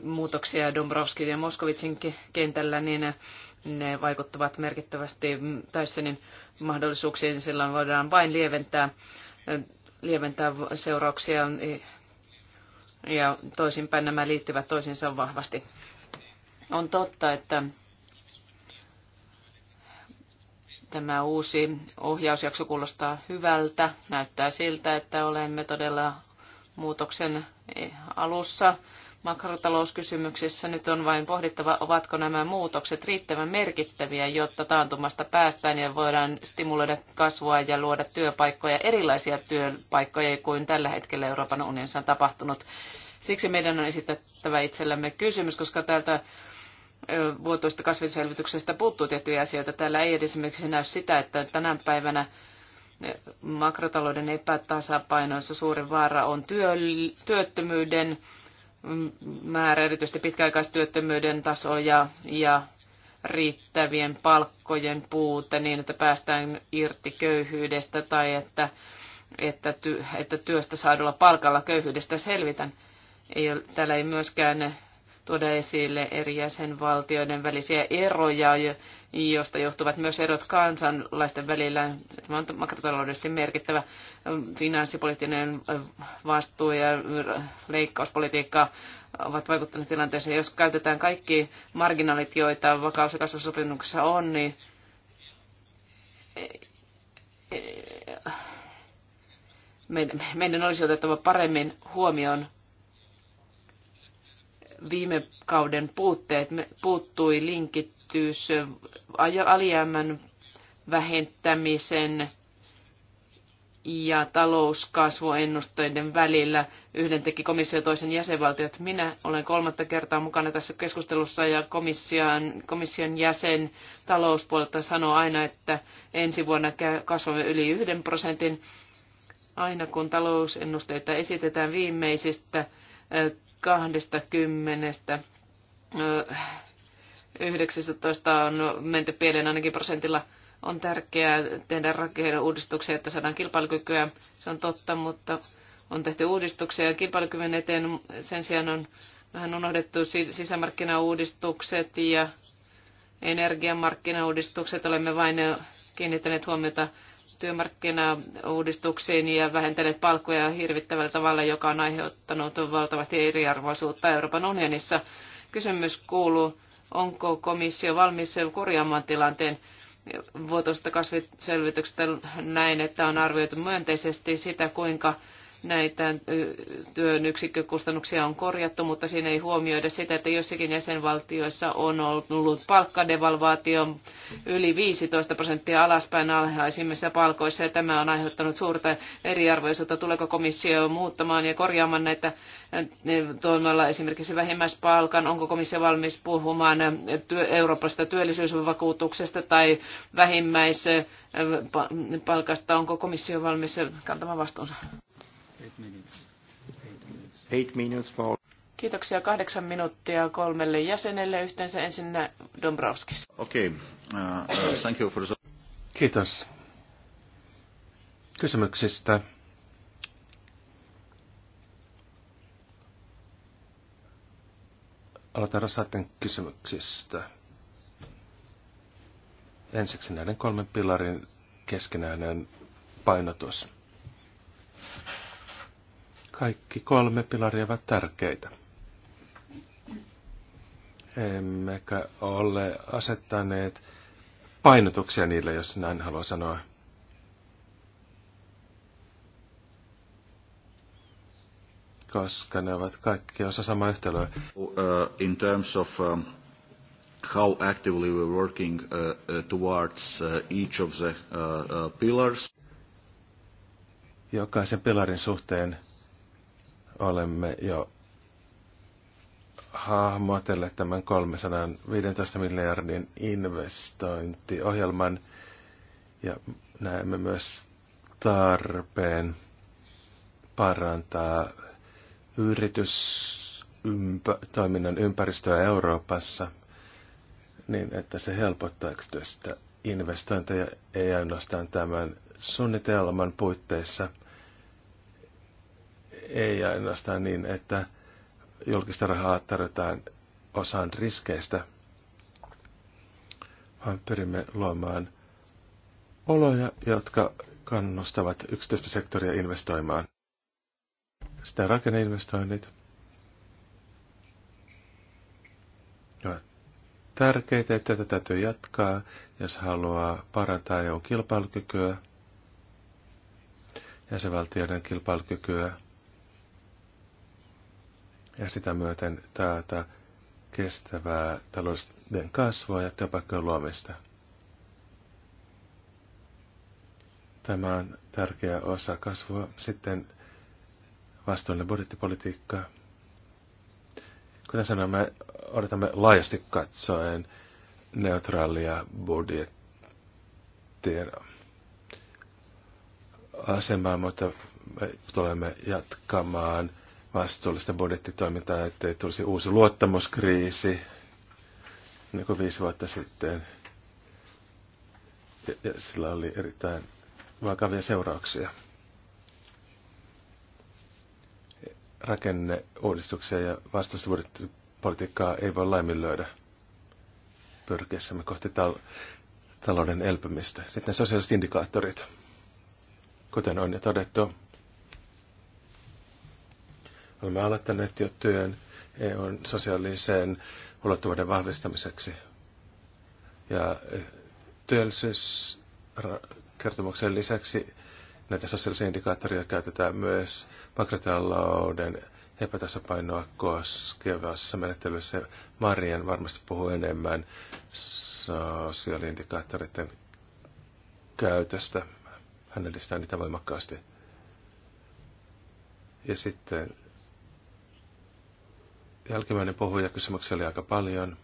B: muutoksia Dombrovskin ja Moskovitsin kentällä, niin ne vaikuttavat merkittävästi Tysonin mahdollisuuksiin. Silloin voidaan vain lieventää, lieventää seurauksia ja toisinpäin nämä liittyvät toisiinsa vahvasti. On totta, että Tämä uusi ohjausjakso kuulostaa hyvältä. Näyttää siltä, että olemme todella muutoksen e, alussa makrotalouskysymyksessä nyt on vain pohdittava, ovatko nämä muutokset riittävän merkittäviä, jotta taantumasta päästään ja voidaan stimuloida kasvua ja luoda työpaikkoja, erilaisia työpaikkoja kuin tällä hetkellä Euroopan unionissa on tapahtunut. Siksi meidän on esitettävä itsellemme kysymys, koska täältä vuotuista kasvinselvityksestä puuttuu tiettyjä asioita. Täällä ei esimerkiksi näy sitä, että tänä päivänä makrotalouden epätasapainoissa suuri vaara on työ, työttömyyden mm, määrä, erityisesti pitkäaikaistyöttömyyden taso ja, ja riittävien palkkojen puute niin, että päästään irti köyhyydestä tai että, että, ty, että työstä saadulla palkalla köyhyydestä selvitän. Ei, täällä ei myöskään tuoda esille eri jäsenvaltioiden välisiä eroja, joista johtuvat myös erot kansanlaisten välillä. Tämä on makrotaloudellisesti merkittävä ähm, finanssipoliittinen äh, vastuu ja leikkauspolitiikka ovat vaikuttaneet tilanteeseen. Jos käytetään kaikki marginaalit, joita vakaus- ja kasvusopimuksessa on, niin eh, eh, meidän olisi otettava paremmin huomioon viime kauden puutteet, puuttui linkittyys alijäämän vähentämisen ja talouskasvuennusteiden välillä. Yhden teki komissio toisen jäsenvaltiot. Minä olen kolmatta kertaa mukana tässä keskustelussa ja komission, komission jäsen talouspuolelta sanoo aina, että ensi vuonna kasvamme yli yhden prosentin. Aina kun talousennusteita esitetään viimeisistä 20 19 on menty pieleen ainakin prosentilla. On tärkeää tehdä rakenteiden uudistuksia, että saadaan kilpailukykyä. Se on totta, mutta on tehty uudistuksia kilpailukyvyn eteen. Sen sijaan on vähän unohdettu sisämarkkinauudistukset ja energiamarkkinauudistukset. Olemme vain kiinnittäneet huomiota työmarkkinauudistuksiin ja vähentäneet palkkoja hirvittävällä tavalla, joka on aiheuttanut valtavasti eriarvoisuutta Euroopan unionissa. Kysymys kuuluu, onko komissio valmis korjaamaan tilanteen vuotosta kasviselvityksestä näin, että on arvioitu myönteisesti sitä, kuinka näitä työn yksikkökustannuksia on korjattu, mutta siinä ei huomioida sitä, että jossakin jäsenvaltioissa on ollut palkkadevalvaatio yli 15 prosenttia alaspäin alhaisimmissa palkoissa, ja tämä on aiheuttanut suurta eriarvoisuutta. Tuleeko komissio muuttamaan ja korjaamaan näitä tuomalla esimerkiksi vähimmäispalkan? Onko komissio valmis puhumaan työ, Euroopasta työllisyysvakuutuksesta tai vähimmäispalkasta? Onko komissio valmis kantamaan vastuunsa? Eight minutes.
C: Eight minutes. Eight minutes
B: Kiitoksia kahdeksan minuuttia kolmelle jäsenelle. Yhteensä ensinnä Dombrovskis.
C: Okei, okay. Uh, uh, thank you for the... Kiitos kysymyksistä. Aloitan Rasaten kysymyksistä. Ensiksi näiden kolmen pilarin keskinäinen painotus. Kaikki kolme pilaria ovat tärkeitä. Emmekä ole asettaneet painotuksia niille, jos näin haluaa sanoa. koska ne ovat kaikki osa samaa yhtälöä. Uh, in terms of um, how actively we're working uh, uh, towards each of the pillars. Jokaisen pilarin suhteen olemme jo hahmotelleet tämän 315 miljardin investointiohjelman ja näemme myös tarpeen parantaa yritystoiminnan ympäristöä Euroopassa niin, että se helpottaa yksityistä investointeja ei ainoastaan tämän suunnitelman puitteissa – ei ainoastaan niin, että julkista rahaa tarjotaan osaan riskeistä, vaan pyrimme luomaan oloja, jotka kannustavat yksityistä sektoria investoimaan. Sitä rakenneinvestoinnit ovat tärkeitä, että tätä täytyy jatkaa, jos haluaa parantaa eu kilpailukykyä, sen kilpailukykyä, ja sitä myöten taata kestävää talouden kasvua ja työpaikkojen luomista. Tämä on tärkeä osa kasvua. Sitten vastuullinen budjettipolitiikka. Kuten sanoin, me odotamme laajasti katsoen neutraalia budjettien asemaa, mutta me tulemme jatkamaan – vastuullista budjettitoimintaa, ettei tulisi uusi luottamuskriisi, niin kuin viisi vuotta sitten. Ja, ja sillä oli erittäin vakavia seurauksia. Rakenneuudistuksia ja vastuullista budjettipolitiikkaa ei voi laiminlyödä pyrkiessämme kohti tal- talouden elpymistä. Sitten sosiaaliset indikaattorit, kuten on jo todettu, Olemme aloittaneet jo työn EUn sosiaaliseen ulottuvuuden vahvistamiseksi. Ja eh, työllisyyskertomuksen lisäksi näitä sosiaalisia indikaattoreita käytetään myös makrotalouden epätasapainoa koskevassa menettelyssä. Marian varmasti puhuu enemmän sosiaaliindikaattoreiden käytöstä. Hän edistää niitä voimakkaasti. Ja sitten Jälkimmäinen puhuja kysymyksiä oli aika paljon.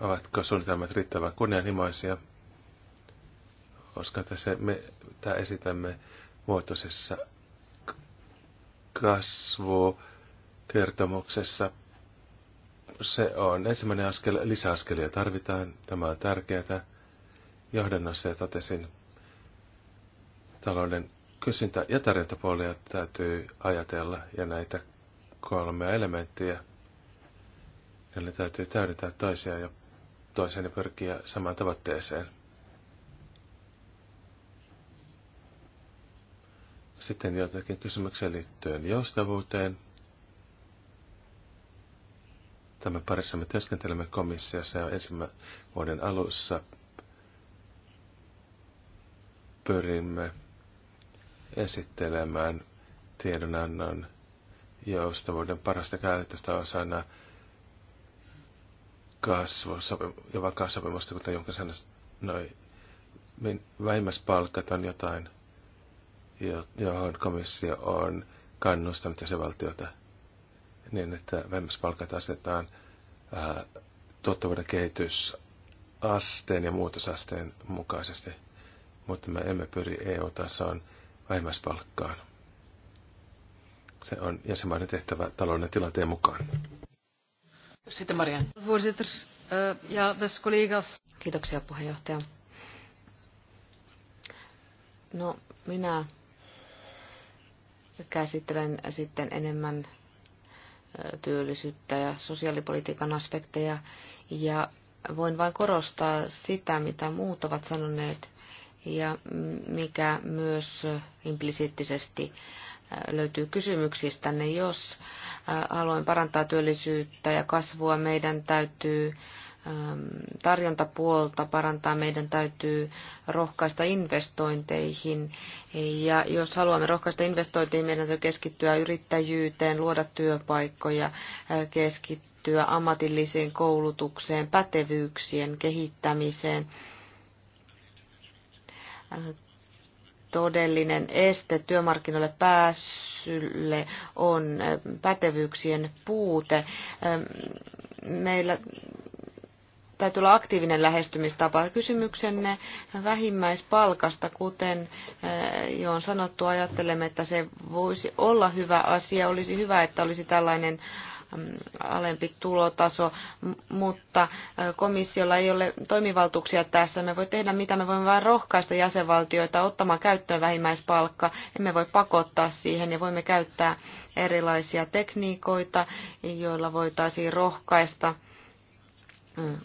C: Ovatko suunnitelmat riittävän kunnianhimoisia? Koska tässä me tämä esitämme muotoisessa kasvukertomuksessa. Se on ensimmäinen askel, lisäaskelia tarvitaan. Tämä on tärkeää. Johdannossa ja totesin talouden kysyntä- ja tarjontapuolia täytyy ajatella ja näitä kolmea elementtiä. Ja ne täytyy täydentää toisiaan ja toiseen ja pyrkiä samaan tavoitteeseen. Sitten joitakin kysymyksiä liittyen joustavuuteen. Tämän parissa me työskentelemme komissiossa ja ensimmäisen vuoden alussa pyrimme esittelemään tiedonannon joustavuuden parasta käytöstä osana kasvu, ja vakaussopimusta, kuten jonkin sanoi, noi vähimmäispalkat on jotain, johon komissio on kannustanut jäsenvaltiota niin, että vähimmäispalkat asetetaan ää, äh, tuottavuuden kehitysasteen ja muutosasteen mukaisesti, mutta me emme pyri EU-tasoon vähimmäispalkkaan. Se on jäsenmaiden tehtävä talouden tilanteen mukaan.
A: Sitten Maria. Voorzitter eh, ja best collega's. Kiitoksia puheenjohtaja. No, minä käsittelen sitten enemmän eh, työllisyyttä ja sosiaalipolitiikan aspekteja. Ja voin vain korostaa sitä, mitä muut ovat sanoneet ja mikä myös implisiittisesti Äh, löytyy kysymyksistänne. Jos äh, haluamme parantaa työllisyyttä ja kasvua, meidän täytyy ähm, tarjontapuolta parantaa, meidän täytyy rohkaista investointeihin. Ja jos haluamme rohkaista investointeihin, meidän täytyy keskittyä yrittäjyyteen, luoda työpaikkoja, äh, keskittyä ammatilliseen koulutukseen, pätevyyksien kehittämiseen todellinen este työmarkkinoille pääsylle on pätevyyksien puute. Meillä täytyy olla aktiivinen lähestymistapa. Kysymyksenne vähimmäispalkasta, kuten jo on sanottu, ajattelemme, että se voisi olla hyvä asia. Olisi hyvä, että olisi tällainen Mm, alempi tulotaso, mutta komissiolla ei ole toimivaltuuksia tässä. Me voi tehdä mitä me voimme vain rohkaista jäsenvaltioita ottamaan käyttöön vähimmäispalkka. Emme voi pakottaa siihen ja voimme käyttää erilaisia tekniikoita, joilla voitaisiin rohkaista mm,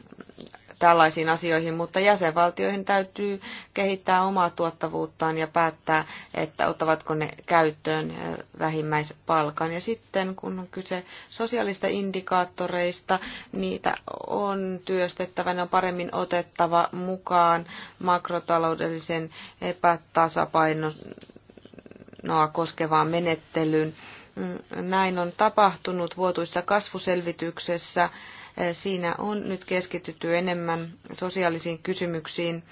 A: tällaisiin asioihin, mutta jäsenvaltioihin täytyy kehittää omaa tuottavuuttaan ja päättää, että ottavatko ne käyttöön vähimmäispalkan. Ja sitten kun on kyse sosiaalista indikaattoreista, niitä on työstettävä, ne on paremmin otettava mukaan makrotaloudellisen epätasapainoa koskevaan menettelyyn. Näin on tapahtunut vuotuissa kasvuselvityksessä Siinä on nyt keskitytty enemmän sosiaalisiin kysymyksiin,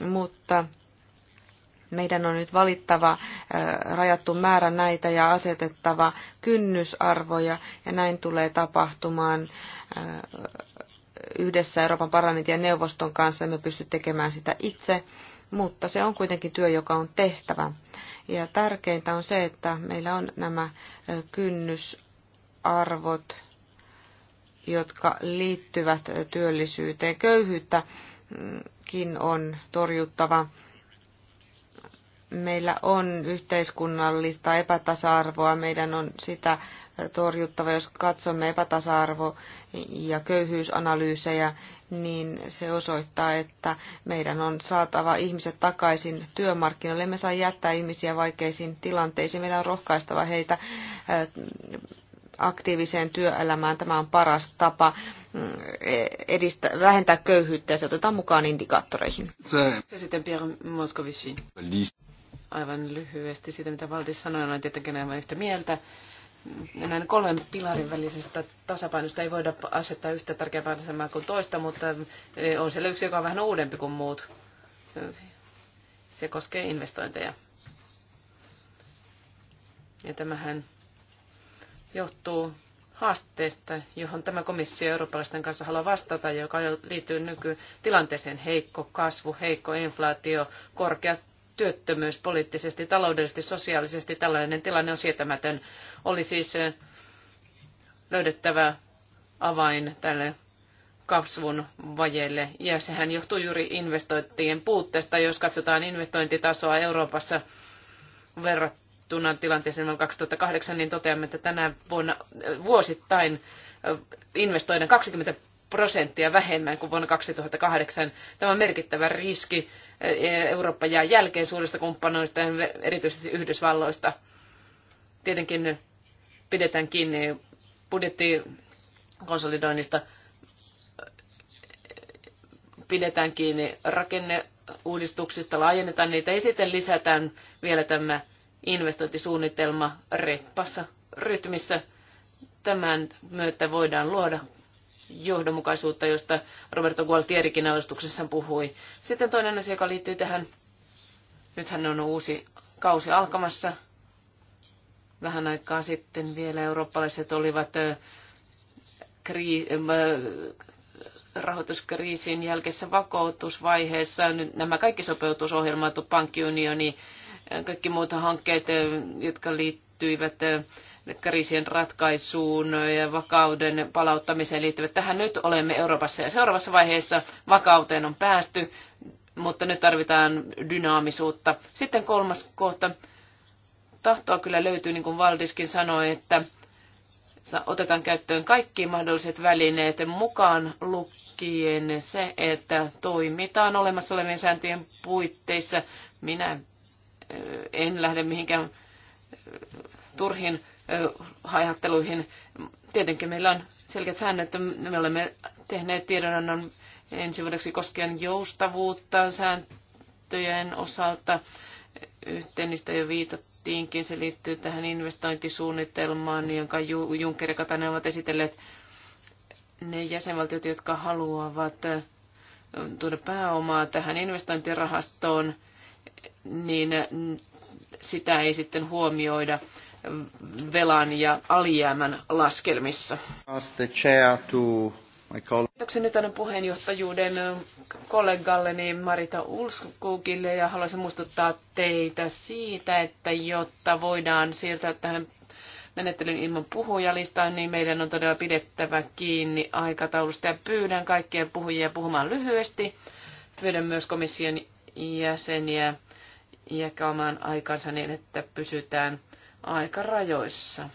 A: mutta meidän on nyt valittava rajattu määrä näitä ja asetettava kynnysarvoja, ja näin tulee tapahtumaan yhdessä Euroopan parlamentin ja neuvoston kanssa. Emme pysty tekemään sitä itse, mutta se on kuitenkin työ, joka on tehtävä. Ja tärkeintä on se, että meillä on nämä kynnysarvot jotka liittyvät työllisyyteen. Köyhyyttäkin on torjuttava. Meillä on yhteiskunnallista epätasa-arvoa, meidän on sitä torjuttava. Jos katsomme epätasa-arvo- ja köyhyysanalyysejä, niin se osoittaa, että meidän on saatava ihmiset takaisin työmarkkinoille. Me saa jättää ihmisiä vaikeisiin tilanteisiin. Meidän on rohkaistava heitä aktiiviseen työelämään. Tämä on paras tapa mm, edistä, vähentää köyhyyttä ja se otetaan mukaan indikaattoreihin. Se.
B: Sitten Pierre Moscovici. Aivan lyhyesti siitä, mitä Valdis sanoi, olen tietenkin aivan yhtä mieltä. Näin kolmen pilarin välisestä tasapainosta ei voida asettaa yhtä tärkeää kuin toista, mutta eh, on siellä yksi, joka on vähän uudempi kuin muut. Se koskee investointeja. Ja tämähän johtuu haasteesta, johon tämä komissio eurooppalaisten kanssa haluaa vastata, joka liittyy nykytilanteeseen heikko kasvu, heikko inflaatio, korkea työttömyys poliittisesti, taloudellisesti, sosiaalisesti. Tällainen tilanne on sietämätön. Oli siis eh, löydettävä avain tälle kasvun vajeelle. Ja sehän johtuu juuri investointien puutteesta. Jos katsotaan investointitasoa Euroopassa verrattuna tunnan tilanteeseen vuonna 2008, niin toteamme, että tänä vuonna äh, vuosittain äh, investoidaan 20 prosenttia vähemmän kuin vuonna 2008. Tämä on merkittävä riski. Äh, Eurooppa jää jälkeen suurista kumppanoista, erityisesti Yhdysvalloista. Tietenkin pidetään kiinni budjettikonsolidoinnista, pidetään kiinni rakenneuudistuksista, laajennetaan niitä ja sitten lisätään vielä tämä investointisuunnitelma reppassa rytmissä. Tämän myötä voidaan luoda johdonmukaisuutta, josta Roberto Gualtierikin alustuksessa puhui. Sitten toinen asia, joka liittyy tähän, nythän on uusi kausi alkamassa. Vähän aikaa sitten vielä eurooppalaiset olivat krii, rahoituskriisin jälkeisessä vakautusvaiheessa. Nyt nämä kaikki sopeutusohjelmat, pankkiunioni, kaikki muut hankkeet, eh, jotka liittyivät eh, kriisien ratkaisuun ja vakauden palauttamiseen liittyvät. Tähän nyt olemme Euroopassa ja seuraavassa vaiheessa vakauteen on päästy, mutta nyt tarvitaan dynaamisuutta. Sitten kolmas kohta. Tahtoa kyllä löytyy, niin kuin Valdiskin sanoi, että otetaan käyttöön kaikki mahdolliset välineet mukaan lukien se, että toimitaan olemassa olevien sääntöjen puitteissa. Minä en lähde mihinkään turhin haihatteluihin. Tietenkin meillä on selkeät säännöt, että me olemme tehneet tiedonannon ensi vuodeksi koskien joustavuutta sääntöjen osalta. Yhteen niistä jo viitattiinkin. Se liittyy tähän investointisuunnitelmaan, jonka Juncker ja Katainen ovat esitelleet ne jäsenvaltiot, jotka haluavat tuoda pääomaa tähän investointirahastoon – niin sitä ei sitten huomioida velan ja alijäämän laskelmissa. Kiitoksia nyt annan puheenjohtajuuden kollegalleni niin Marita Ulskukille ja haluaisin muistuttaa teitä siitä, että jotta voidaan siirtää tähän menettelyn ilman puhujalistaan, niin meidän on todella pidettävä kiinni aikataulusta ja pyydän kaikkia puhujia puhumaan lyhyesti. Pyydän myös komission jäseniä omaan aikansa niin, että pysytään aikarajoissa.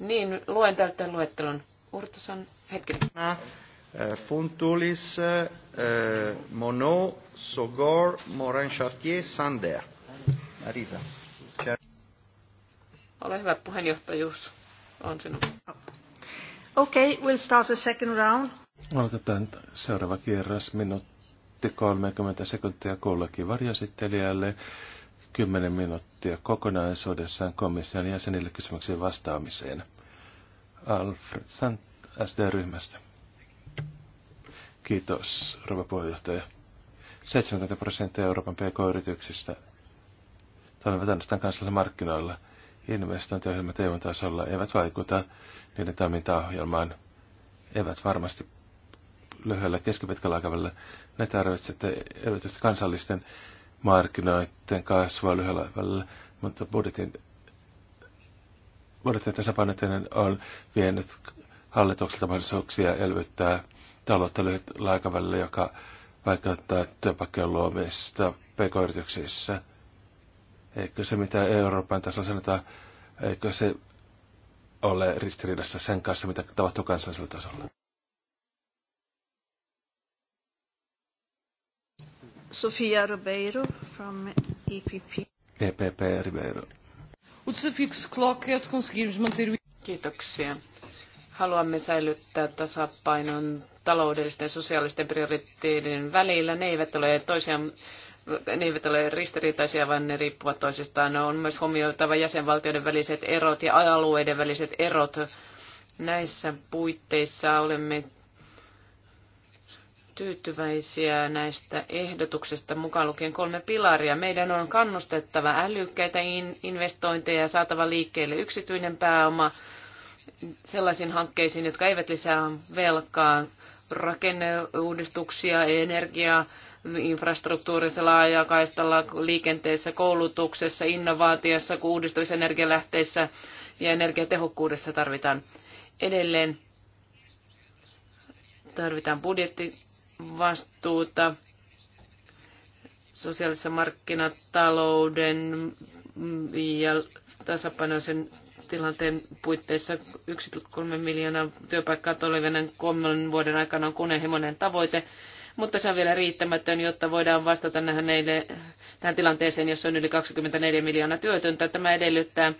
B: Niin, luen tältä luettelon. Urtasan
A: hetken. Eh, Funtulis, eh, eh, Mono Sogor, Morin Chartier, Sander. Marisa.
B: Ole hyvä, puheenjohtajuus on sinun. Okei, okay, we'll
C: start
A: the second round.
C: Aloitetaan seuraava kierros. Minut minuutti 30 sekuntia kullakin varjasittelijälle, 10 minuuttia kokonaisuudessaan komission jäsenille kysymyksiin vastaamiseen. Alfred Sant SD-ryhmästä. Kiitos, rouva puheenjohtaja. 70 prosenttia Euroopan PK-yrityksistä toimivat ainoastaan kansallisilla markkinoilla. Investointiohjelmat eu tasolla eivät vaikuta niiden toimintaohjelmaan, eivät varmasti lyhyellä keskipitkällä aikavälillä. Ne tarvitsette erityisesti kansallisten markkinoiden kasvua lyhyellä aikavälillä, mutta budjetin, budjetin tasapainotteinen on vienyt hallitukselta mahdollisuuksia elvyttää taloutta lyhyellä aikavälillä, joka vaikeuttaa työpaikkojen luomista pk-yrityksissä. Eikö se, mitä Euroopan tasolla sanotaan, eikö se ole ristiriidassa sen kanssa, mitä tapahtuu kansallisella tasolla?
B: Sofia Ribeiro from EPP.
C: EPP Ribeiro.
B: O desafio que se coloca é de conseguirmos manter o... Kiitoksia. Haluamme säilyttää tasapainon taloudellisten ja sosiaalisten prioriteettien välillä. Ne eivät ole toisiaan ne eivät ole ristiriitaisia, vaan ne riippuvat toisistaan. Ne on myös huomioitava jäsenvaltioiden väliset erot ja alueiden väliset erot. Näissä puitteissa olemme tyytyväisiä näistä ehdotuksista mukaan lukien kolme pilaria. Meidän on kannustettava älykkäitä investointeja saatava liikkeelle yksityinen pääoma sellaisiin hankkeisiin, jotka eivät lisää velkaa, rakenneuudistuksia, energiaa, infrastruktuurissa, laajakaistalla, liikenteessä, koulutuksessa, innovaatiossa, uudistuvissa energialähteissä ja energiatehokkuudessa tarvitaan edelleen. Tarvitaan budjetti vastuuta sosiaalisessa markkinatalouden ja tasapainoisen tilanteen puitteissa 1,3 miljoonaa työpaikkaa tolivenen kolmen vuoden aikana on kunnianhimoinen tavoite, mutta se on vielä riittämätön, jotta voidaan vastata näihin neille, tähän tilanteeseen, jossa on yli 24 miljoonaa työtöntä. Tämä edellyttää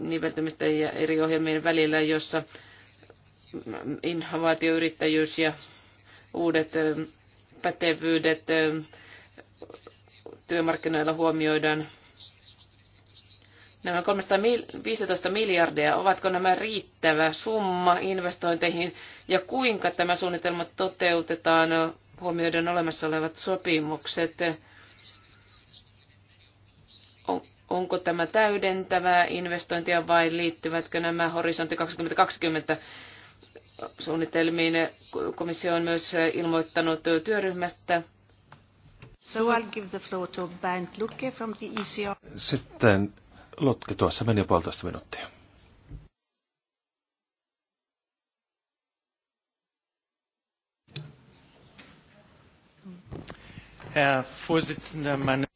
B: niveltymistä ja eri ohjelmien välillä, jossa innovaatioyrittäjyys ja uudet pätevyydet työmarkkinoilla huomioidaan. Nämä 315 miljardia, ovatko nämä riittävä summa investointeihin ja kuinka tämä suunnitelma toteutetaan huomioiden olemassa olevat sopimukset? onko tämä täydentävää investointia vai liittyvätkö nämä horisontti 2020 suunnitelmiin. Komissio on myös ilmoittanut työryhmästä. So I'll give the floor to Bernd Lucke from the ECR.
C: Sitten Lotke tuossa meni jo puolitoista minuuttia. Herr Vorsitzender, meine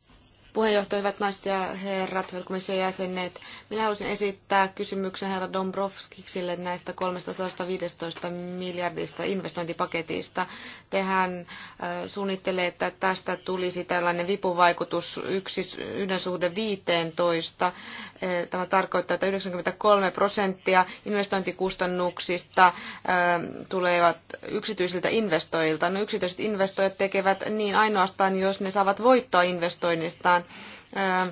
A: Puheenjohtaja, hyvät naiset ja herrat, komission jäsenet. Minä haluaisin esittää kysymyksen herra Dombrovskiksille näistä 315 miljardista investointipaketista. Tehän suunnittelee, että tästä tulisi tällainen vipuvaikutus yksi, yhden suhde 15. Tämä tarkoittaa, että 93 prosenttia investointikustannuksista tulevat yksityisiltä investoijilta. No, yksityiset investoijat tekevät niin ainoastaan, jos ne saavat voittoa investoinnistaan saadaan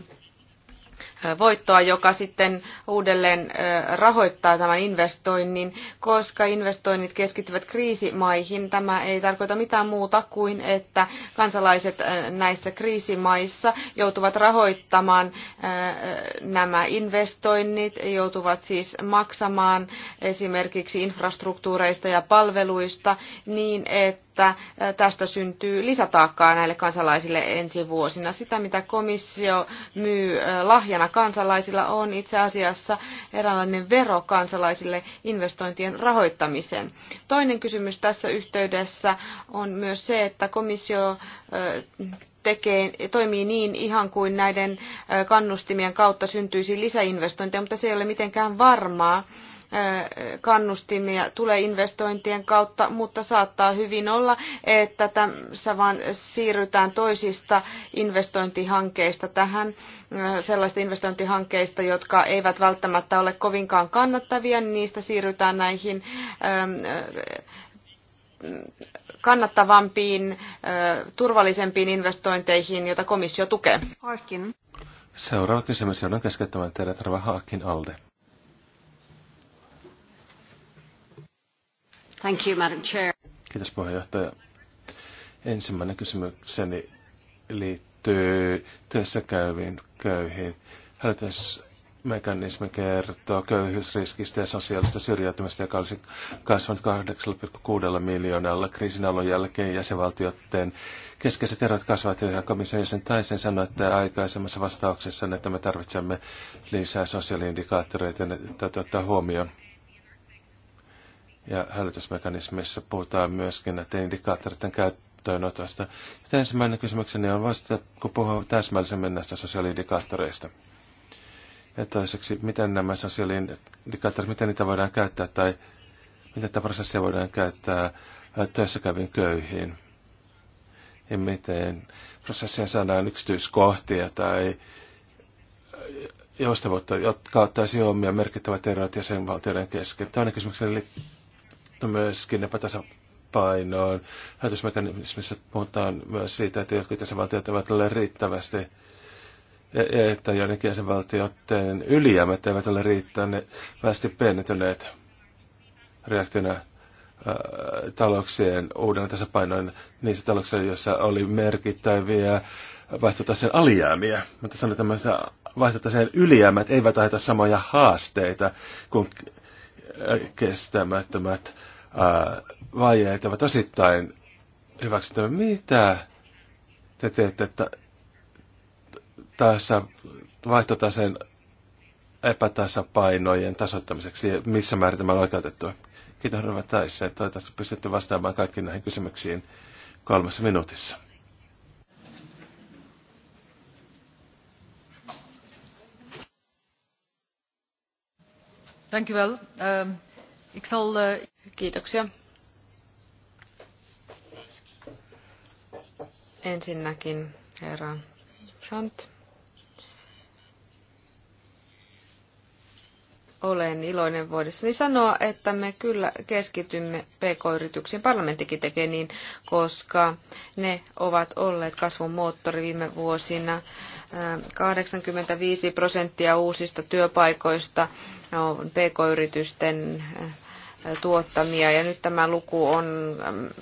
A: voittoa, joka sitten uudelleen rahoittaa tämän investoinnin, koska investoinnit keskittyvät kriisimaihin. Tämä ei tarkoita mitään muuta kuin, että kansalaiset näissä kriisimaissa joutuvat rahoittamaan nämä investoinnit, joutuvat siis maksamaan esimerkiksi infrastruktuureista ja palveluista niin, että että tästä syntyy lisätaakkaa näille kansalaisille ensi vuosina. Sitä, mitä komissio myy lahjana kansalaisilla, on itse asiassa eräänlainen vero kansalaisille investointien rahoittamiseen. Toinen kysymys tässä yhteydessä on myös se, että komissio tekee, toimii niin ihan kuin näiden kannustimien kautta syntyisi lisäinvestointeja, mutta se ei ole mitenkään varmaa kannustimia tulee investointien kautta, mutta saattaa hyvin olla, että tässä vaan siirrytään toisista investointihankkeista tähän sellaista investointihankkeista, jotka eivät välttämättä ole kovinkaan kannattavia, niin niistä siirrytään näihin kannattavampiin, turvallisempiin investointeihin, joita komissio tukee.
C: Seuraava kysymys, on keskittymään teidät Rava Haakin Alde.
A: Thank you, Madam Chair.
C: Kiitos puheenjohtaja. Ensimmäinen kysymykseni liittyy työssä käyviin köyhiin. Hälytysmekanismi kertoo köyhyysriskistä ja sosiaalista syrjäytymistä, joka olisi kasvanut 8,6 miljoonalla kriisin alun jälkeen jäsenvaltioiden keskeiset erot kasvavat yhä komission jäsen Taisen sanoi, että aikaisemmassa vastauksessa, että me tarvitsemme lisää sosiaaliindikaattoreita ja täytyy ottaa huomioon ja hälytysmekanismeissa puhutaan myöskin näiden indikaattoreiden käyttöönotosta. Ja ensimmäinen kysymykseni on vasta, kun puhuu täsmällisemmin näistä sosiaaliindikaattoreista. Ja toiseksi, miten nämä sosiaaliindikaattorit, miten niitä voidaan käyttää tai miten tämä prosessia voidaan käyttää työssäkäyvin köyhiin. Ja miten prosessia saadaan yksityiskohtia tai joustavuutta, jotka ottaisi omia merkittävät erot jäsenvaltioiden kesken. Toinen kysymys puututtu no, myöskin epätasapainoon. Hälytysmekanismissa puhutaan myös siitä, että jotkut jäsenvaltiot eivät ole riittävästi, e, e, että joidenkin jäsenvaltioiden ylijäämät eivät ole riittävästi pienentyneet reaktiona talouksien uuden tasapainoin niissä talouksissa, joissa oli merkittäviä vaihtotaseen alijäämiä. Mutta sanotaan, että vaihtotaseen ylijäämät eivät aiheuta samoja haasteita kuin kestämättömät vajeet ovat osittain hyväksyttävä. Mitä te teette että tässä vaihtotaseen epätasapainojen tasoittamiseksi, missä määrin tämä on oikeutettua? Kiitos Rova Taisse, toivottavasti pystytte vastaamaan kaikkiin näihin kysymyksiin kolmessa minuutissa.
A: Thank you ehm, eh, Ensinnäkin herra Chant. olen iloinen voidessani sanoa, että me kyllä keskitymme pk-yrityksiin. Parlamenttikin tekee niin, koska ne ovat olleet kasvun moottori viime vuosina. 85 ehm, prosenttia uusista työpaikoista on no, pk-yritysten tuottamia ja nyt tämä luku on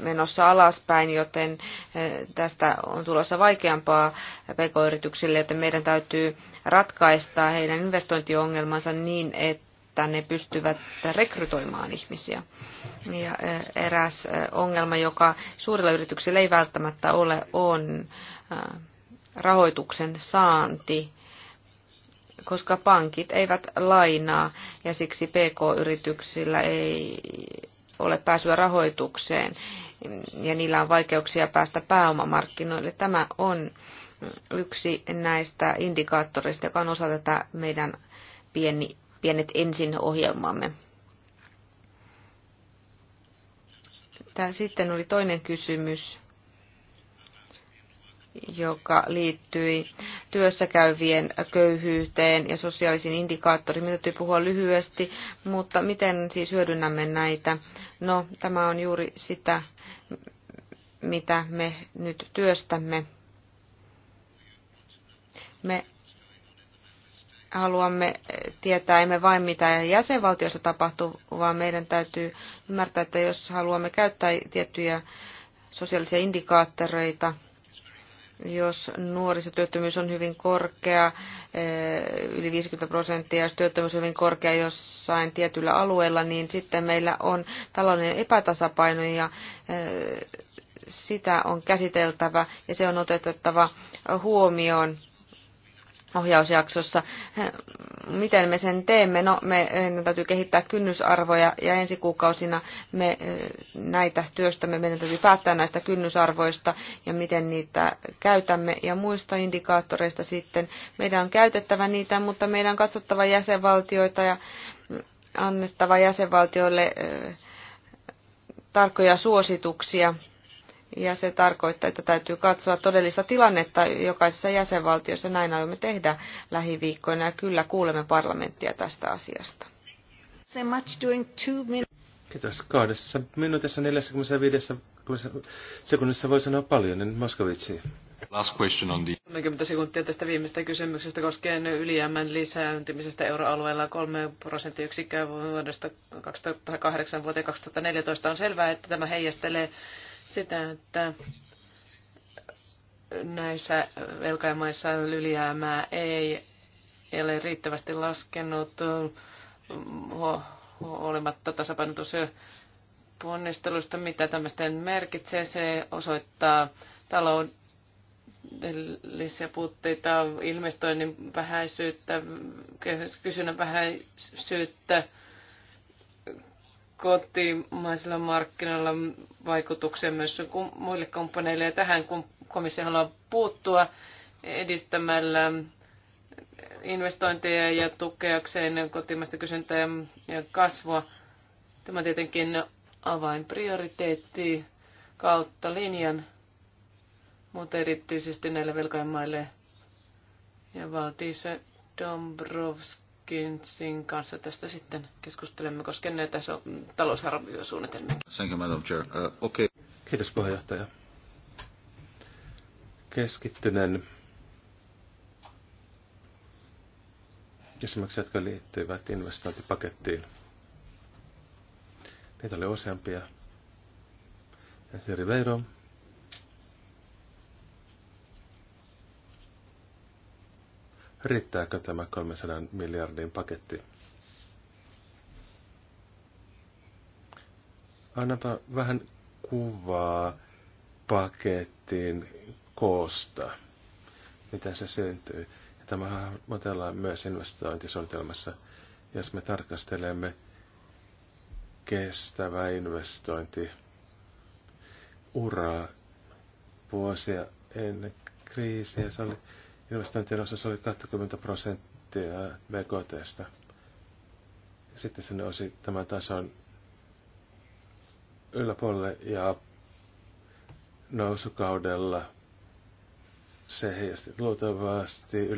A: menossa alaspäin, joten tästä on tulossa vaikeampaa pk-yrityksille, joten meidän täytyy ratkaista heidän investointiongelmansa niin, että ne pystyvät rekrytoimaan ihmisiä. Ja eräs ongelma, joka suurilla yrityksillä ei välttämättä ole, on rahoituksen saanti koska pankit eivät lainaa ja siksi PK-yrityksillä ei ole pääsyä rahoitukseen ja niillä on vaikeuksia päästä pääomamarkkinoille. Tämä on yksi näistä indikaattoreista, joka on osa tätä meidän pieni, pienet ensin ohjelmaamme. Tämä sitten oli toinen kysymys, joka liittyi työssäkäyvien köyhyyteen ja sosiaalisiin indikaattoriin. mitä täytyy puhua lyhyesti, mutta miten siis hyödynnämme näitä? No, tämä on juuri sitä, mitä me nyt työstämme. Me haluamme tietää emme vain mitä jäsenvaltiossa tapahtuu, vaan meidän täytyy ymmärtää, että jos haluamme käyttää tiettyjä sosiaalisia indikaattoreita, jos nuorisotyöttömyys on hyvin korkea, eh, yli 50 prosenttia, jos työttömyys on hyvin korkea jossain tietyllä alueella, niin sitten meillä on tällainen epätasapaino ja eh, sitä on käsiteltävä ja se on otettava huomioon ohjausjaksossa. Miten me sen teemme? No, me täytyy kehittää kynnysarvoja ja ensi kuukausina me eh, näitä työstämme. Meidän täytyy päättää näistä kynnysarvoista ja miten niitä käytämme. Ja muista indikaattoreista sitten meidän on käytettävä niitä, mutta meidän on katsottava jäsenvaltioita ja annettava jäsenvaltioille eh, tarkkoja suosituksia ja se tarkoittaa, että täytyy katsoa todellista tilannetta jokaisessa jäsenvaltiossa. Näin aiomme tehdä lähiviikkoina ja kyllä kuulemme parlamenttia tästä asiasta.
C: Kiitos. Kahdessa minuutissa 45 sekunnissa voi sanoa paljon, niin Moskovitsi. Last question on the...
B: 30 sekuntia tästä viimeisestä kysymyksestä koskien ylijäämän lisääntymisestä euroalueella 3 prosenttiyksikköä vuodesta 2008 vuoteen 2014. On selvää, että tämä heijastelee sitä, että näissä velkajamaissa ylijäämää ei, ei ole riittävästi laskenut olematta tasapainotus ponnistelusta, mitä tämmöisten merkitsee. Se osoittaa taloudellisia puutteita, investoinnin vähäisyyttä, kysynnän vähäisyyttä, kotimaisilla markkinoilla vaikutuksia myös muille kumppaneille. Ja tähän komissio haluaa puuttua edistämällä investointeja ja tukeakseen kotimaista kysyntää ja kasvua. Tämä on tietenkin avainprioriteetti kautta linjan, mutta erityisesti näille velkojen maille. Ja Valtiisa Dombrovski Hopkinsin kanssa tästä sitten keskustelemme ne tässä on talousarviosuunnitelmia. Thank
C: you, Madam Chair. Uh, okay. Kiitos puheenjohtaja. Keskittyneen kysymyksiä, jotka liittyvät investointipakettiin. Niitä oli useampia. Ensin Ribeiro, Riittääkö tämä 300 miljardin paketti? Annapa vähän kuvaa paketin koosta, miten se syntyy. Ja tämä motellaan myös investointisuunnitelmassa, jos me tarkastelemme kestävä investointi uraa vuosia ennen kriisiä. Se oli investointien osuus oli 20 prosenttia BKTstä. Sitten sinne osi tämän tason yläpuolelle ja nousukaudella se heijasti luultavasti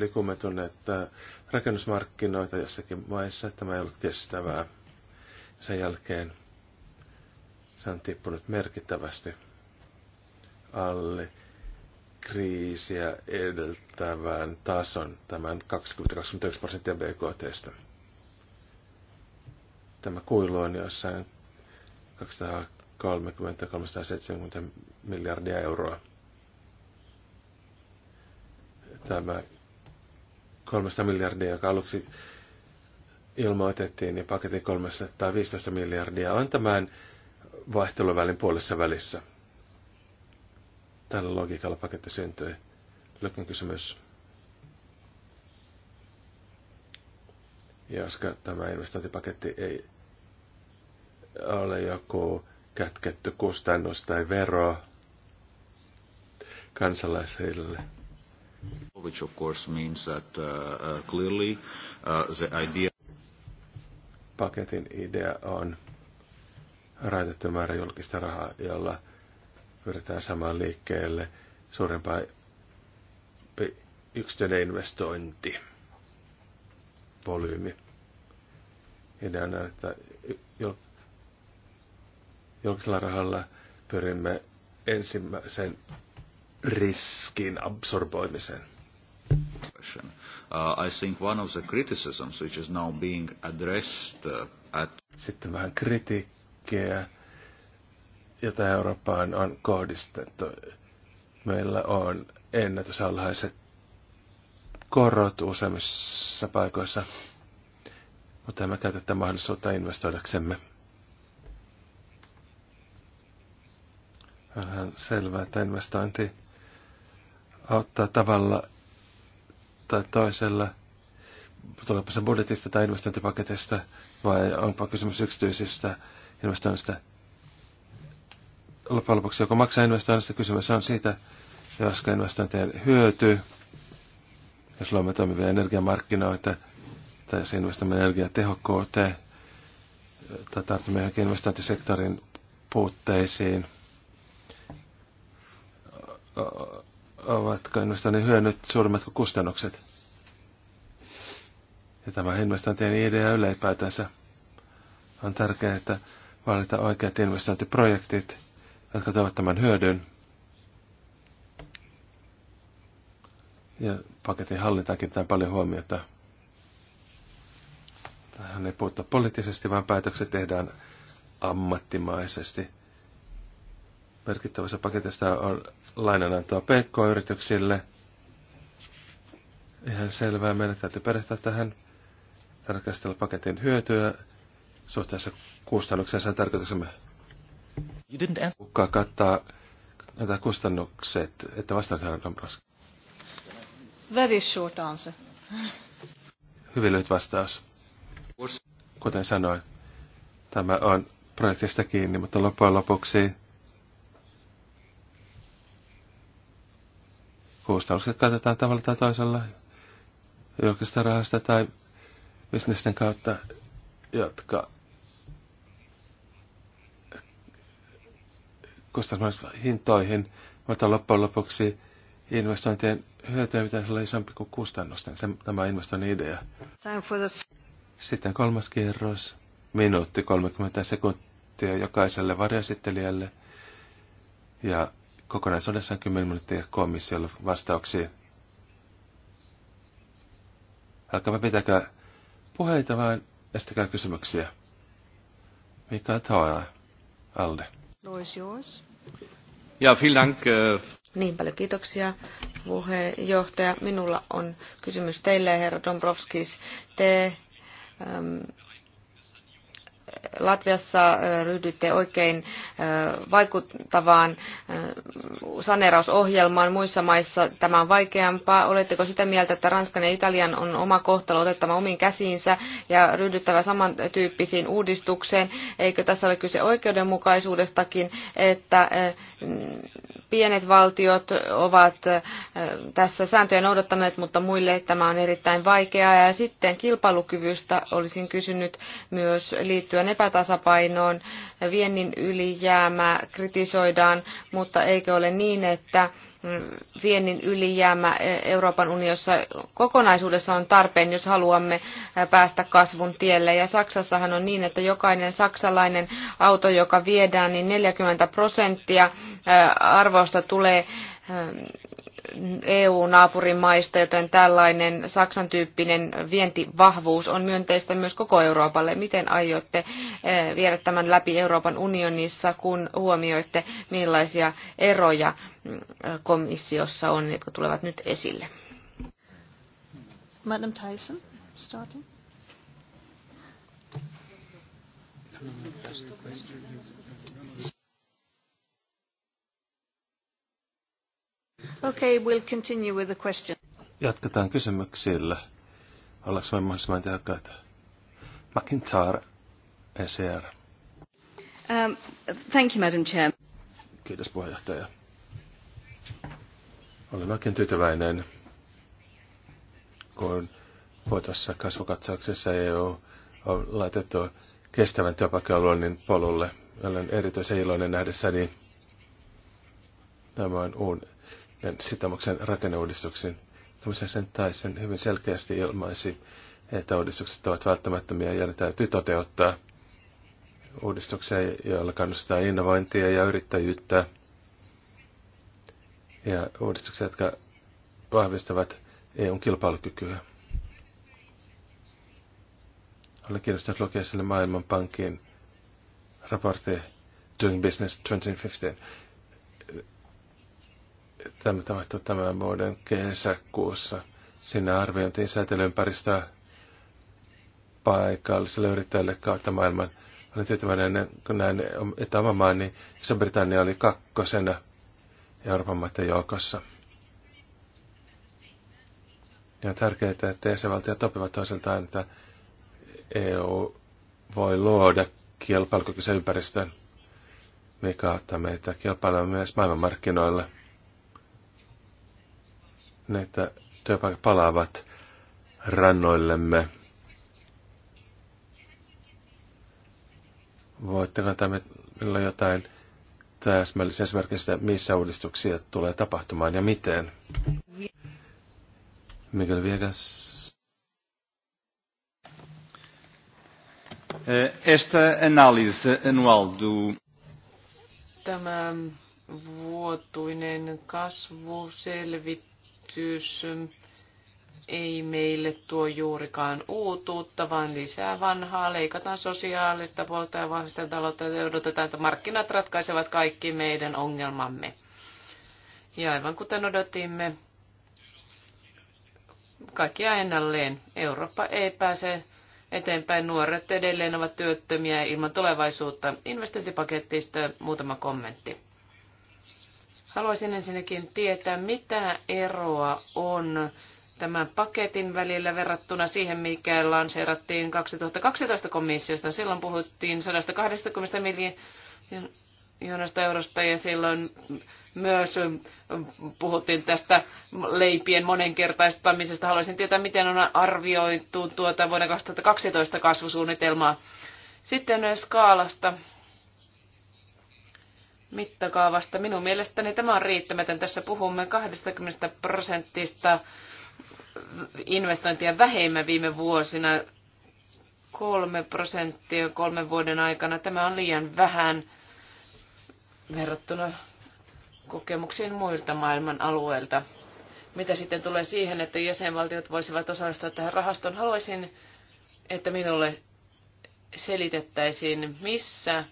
C: että rakennusmarkkinoita jossakin maissa. Tämä ei ollut kestävää. Sen jälkeen se on tippunut merkittävästi alle kriisiä edeltävän tason, tämän 20-21 prosenttia BKTstä. Tämä kuilu on jossain 230-370 miljardia euroa. Tämä 300 miljardia, joka aluksi ilmoitettiin, niin paketin 315 miljardia on tämän vaihteluvälin puolessa välissä tällä logiikalla paketti syntyi. Lökin kysymys. Ja koska tämä investointipaketti ei ole joku kätketty kustannus tai vero kansalaisille. Which of course means that uh, uh clearly uh, the idea... Paketin idea on rajoitettu määrä julkista rahaa, jolla pyritään samaan liikkeelle suurempaa yksityinen investointi, volyymi. Ideana, että julkisella rahalla pyrimme ensimmäisen riskin absorboimiseen. Uh, I think one of the criticisms which is now being addressed uh, at... Sitten vähän kritiikkiä jota Eurooppaan on kohdistettu. Meillä on ennätysalhaiset korot useimmissa paikoissa, mutta me käytetään mahdollisuutta investoidaksemme. Vähän selvää, että investointi auttaa tavalla tai toisella, tuleepa se budjetista tai investointipaketista, vai onpa kysymys yksityisistä investoinnista, loppujen lopuksi joko maksaa investoinnista, kysymys on siitä, josko investointien hyöty, jos luomme toimivia energiamarkkinoita, tai jos investoimme energiatehokkuuteen, tai tartumme johonkin investointisektorin puutteisiin, ovatko investoinnin hyönyt suurimmat kuin kustannukset. Ja tämä investointien idea yleipäätänsä on tärkeää, että valita oikeat investointiprojektit – jotka tuovat tämän hyödyn. Ja paketin hallintaakin kiinnitetään paljon huomiota. Tähän ei puhuta poliittisesti, vaan päätökset tehdään ammattimaisesti. Merkittävässä paketista on lainanantoa PK-yrityksille. Ihan selvää, meidän täytyy perehtää tähän, tarkastella paketin hyötyä suhteessa kustannuksensa tarkoituksemme You didn't answer. Kuka kattaa näitä kustannukset, että vastaan herra Dombrovski?
B: Very short answer.
C: Hyvin lyhyt vastaus. Kuten sanoin, tämä on projektista kiinni, mutta loppujen lopuksi kustannukset katsotaan tavalla tai toisella julkista rahasta tai bisnesten kautta, jotka kustannushintoihin, mutta loppujen lopuksi investointien hyötyä pitäisi olla isompi kuin kustannusten. Se, tämä on investoinnin idea. Sitten kolmas kierros. Minuutti 30 sekuntia jokaiselle varjoesittelijälle. Ja kokonaisuudessaan 10 minuuttia komissiolle vastauksiin. Älkää pitäkää puheita, vaan estäkää kysymyksiä. Mikä Toa, Alde.
A: Floor is yours.
C: Ja, vielen Dank. Äh,
A: niin paljon kiitoksia puheenjohtaja. Minulla on kysymys teille, herra Dombrovskis. Te ähm, Latviassa äh, ryhdyitte oikein äh, vaikuttavaan äh, saneerausohjelmaan. Muissa maissa tämä on vaikeampaa. Oletteko sitä mieltä, että Ranskan ja Italian on oma kohtalo otettava omiin käsiinsä ja ryhdyttävä samantyyppisiin uudistukseen? Eikö tässä ole kyse oikeudenmukaisuudestakin, että pienet valtiot ovat tässä sääntöjä noudattaneet, mutta muille tämä on erittäin vaikeaa. Ja sitten kilpailukyvystä olisin kysynyt myös liittyen epätasapainoon. Viennin ylijäämä kritisoidaan, mutta eikö ole niin, että Mm, viennin ylijäämä e, Euroopan unionissa kokonaisuudessa on tarpeen, jos haluamme päästä kasvun tielle. Ja Saksassahan on niin, että jokainen saksalainen auto, joka viedään, niin 40 prosenttia arvosta tulee EU-naapurimaista, joten tällainen Saksan tyyppinen vientivahvuus on myönteistä myös koko Euroopalle. Miten aiotte eh, viedä tämän läpi Euroopan unionissa, kun huomioitte millaisia eroja mm, komissiossa on, jotka tulevat nyt esille?
C: Madam Tyson, starting.
A: Okay, we'll continue
B: with the question.
C: Jatketaan kysymyksillä. Ollaanko me mahdollisimman tehokkaita? McIntyre, ECR.
A: Um, thank you, Madam Chair.
C: Kiitos puheenjohtaja. Olen oikein tyytyväinen, kun vuotossa kasvukatsauksessa EU on laitettu kestävän työpaikkaluonnin polulle. Olen erityisen iloinen nähdessäni tämän uuden sitomuksen rakenneuudistuksiin. Tämmöisen sen tai sen hyvin selkeästi ilmaisi, että uudistukset ovat välttämättömiä ja ne täytyy toteuttaa. Uudistuksia, joilla kannustetaan innovointia ja yrittäjyyttä. Ja uudistuksia, jotka vahvistavat EUn kilpailukykyä. Olen kiinnostunut lukea sille Maailmanpankin raportti Doing Business 2015, Tämä tapahtui tämän vuoden kesäkuussa. Sinne arviointiin säätelyympäristöä paikallisille yrittäjille kautta maailman. Olin tyytyväinen, kun näin, että oma maa, niin Iso-Britannia oli kakkosena Euroopan maiden joukossa. Ja on tärkeää, että jäsenvaltiot oppivat toisiltaan, että EU voi luoda kilpailukykyisen ympäristön, mikä auttaa meitä kilpailemaan myös maailmanmarkkinoilla näitä työpaikat palaavat rannoillemme. Voitteko antaa meillä jotain täsmällisiä esimerkkejä, missä uudistuksia tulee tapahtumaan ja miten? Miguel Viegas. Eh, esta análise anual do...
B: Tämä vuotuinen kasvuselvitys Nykyisyys ei meille tuo juurikaan uutuutta, vaan lisää vanhaa. Leikataan sosiaalista puolta ja vahvistetaan taloutta ja odotetaan, että markkinat ratkaisevat kaikki meidän ongelmamme. Ja aivan kuten odotimme, kaikkia ennalleen. Eurooppa ei pääse eteenpäin. Nuoret edelleen ovat työttömiä ilman tulevaisuutta. Investointipaketista muutama kommentti. Haluaisin ensinnäkin tietää, mitä eroa on tämän paketin välillä verrattuna siihen, mikä lanseerattiin 2012 komissiosta. Silloin puhuttiin 120 miljoonasta eurosta ja silloin myös puhuttiin tästä leipien monenkertaistamisesta. Haluaisin tietää, miten on arvioitu tuota vuoden 2012 kasvusuunnitelmaa. Sitten skaalasta mittakaavasta. Minun mielestäni tämä on riittämätön. Tässä puhumme 20 prosentista investointia vähemmän viime vuosina. 3 prosenttia kolmen vuoden aikana. Tämä on liian vähän verrattuna kokemuksiin muilta maailman alueilta. Mitä sitten tulee siihen, että jäsenvaltiot voisivat osallistua tähän rahastoon, haluaisin, että minulle selitettäisiin, missä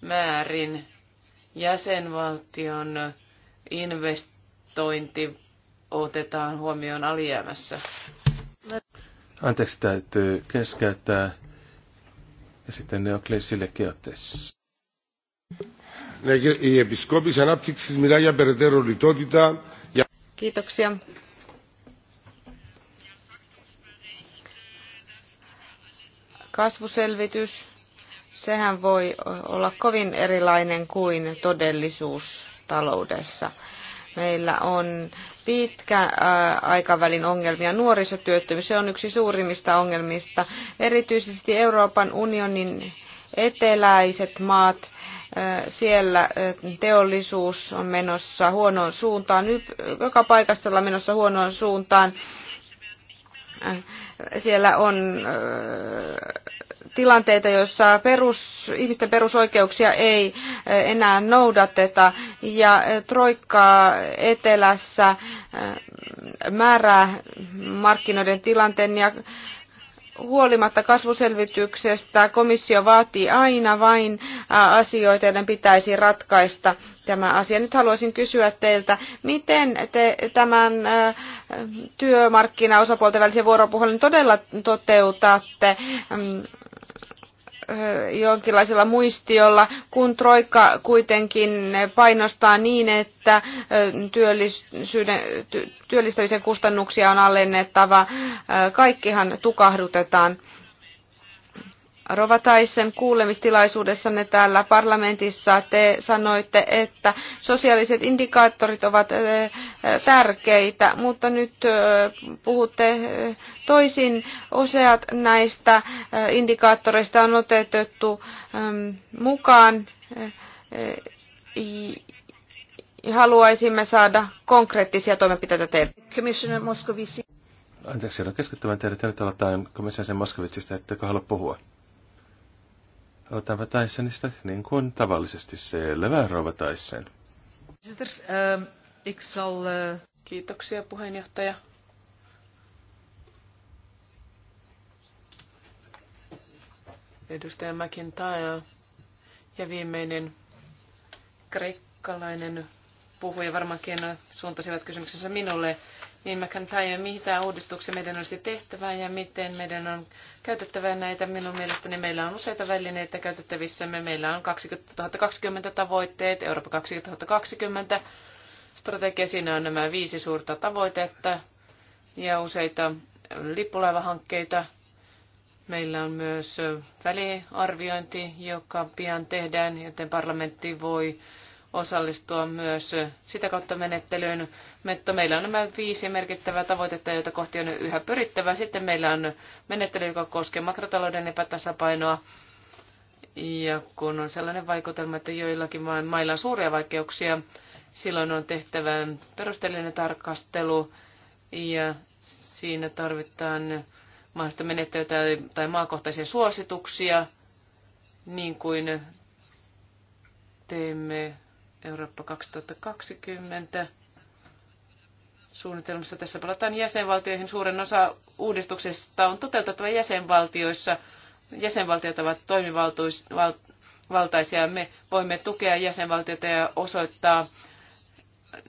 B: määrin jäsenvaltion investointi otetaan huomioon alijäämässä.
C: Anteeksi, täytyy keskeyttää. Ja sitten ne on sillekin otteessa.
A: Kiitoksia. Kasvuselvitys sehän voi olla kovin erilainen kuin todellisuus taloudessa. Meillä on pitkä aikavälin ongelmia. Nuorisotyöttömyys se on yksi suurimmista ongelmista. Erityisesti Euroopan unionin eteläiset maat, siellä teollisuus on menossa huonoon suuntaan, joka paikasta on menossa huonoon suuntaan. Siellä on tilanteita, joissa perus, ihmisten perusoikeuksia ei enää noudateta ja troikkaa etelässä määrää markkinoiden tilanteen ja huolimatta kasvuselvityksestä komissio vaatii aina vain asioita, joiden pitäisi ratkaista tämä asia. Nyt haluaisin kysyä teiltä, miten te tämän työmarkkinaosapuolten välisen vuoropuhelun todella toteutatte? Mm, jonkinlaisella muistiolla, kun Troikka kuitenkin painostaa niin, että työllistämisen kustannuksia on alennettava. Kaikkihan tukahdutetaan. Rovataisen kuulemistilaisuudessa kuulemistilaisuudessanne täällä parlamentissa te sanoitte, että sosiaaliset indikaattorit ovat eh, eh, tärkeitä, mutta nyt eh, puhutte toisin. Useat näistä indikaattoreista on otettu ehm, mukaan. Haluaisimme saada konkreettisia toimenpiteitä teiltä.
C: Anteeksi, on keskittämään teidät. Tervetuloa tämän komission Moskovitsista, ettekö halua puhua? Otamme Tysonista niin kuin tavallisesti selvää,
B: rouva Tyson. Ehm, eh, Kiitoksia puheenjohtaja. Edustaja McIntyre ja viimeinen kreikkalainen puhuja varmaankin suuntasivat kysymyksensä minulle niin tajua, mitä uudistuksia meidän olisi tehtävä ja miten meidän on käytettävä näitä. Minun mielestäni meillä on useita välineitä käytettävissämme. Meillä on 2020 tavoitteet, Eurooppa 2020 strategia. Siinä on nämä viisi suurta tavoitetta ja useita lippulaivahankkeita. Meillä on myös väliarviointi, joka pian tehdään, joten parlamentti voi osallistua myös sitä kautta menettelyyn. Mutta meillä on nämä viisi merkittävää tavoitetta, joita kohti on yhä pyrittävä. Sitten meillä on menettely, joka koskee makrotalouden epätasapainoa. Ja kun on sellainen vaikutelma, että joillakin mailla on suuria vaikeuksia, silloin on tehtävä perusteellinen tarkastelu ja siinä tarvitaan mahdollista menettelyä tai, tai maakohtaisia suosituksia, niin kuin teimme Eurooppa 2020 suunnitelmassa. Tässä palataan jäsenvaltioihin. Suuren osa uudistuksesta on toteutettava jäsenvaltioissa. Jäsenvaltiot ovat toimivaltaisia. Me voimme tukea jäsenvaltioita ja osoittaa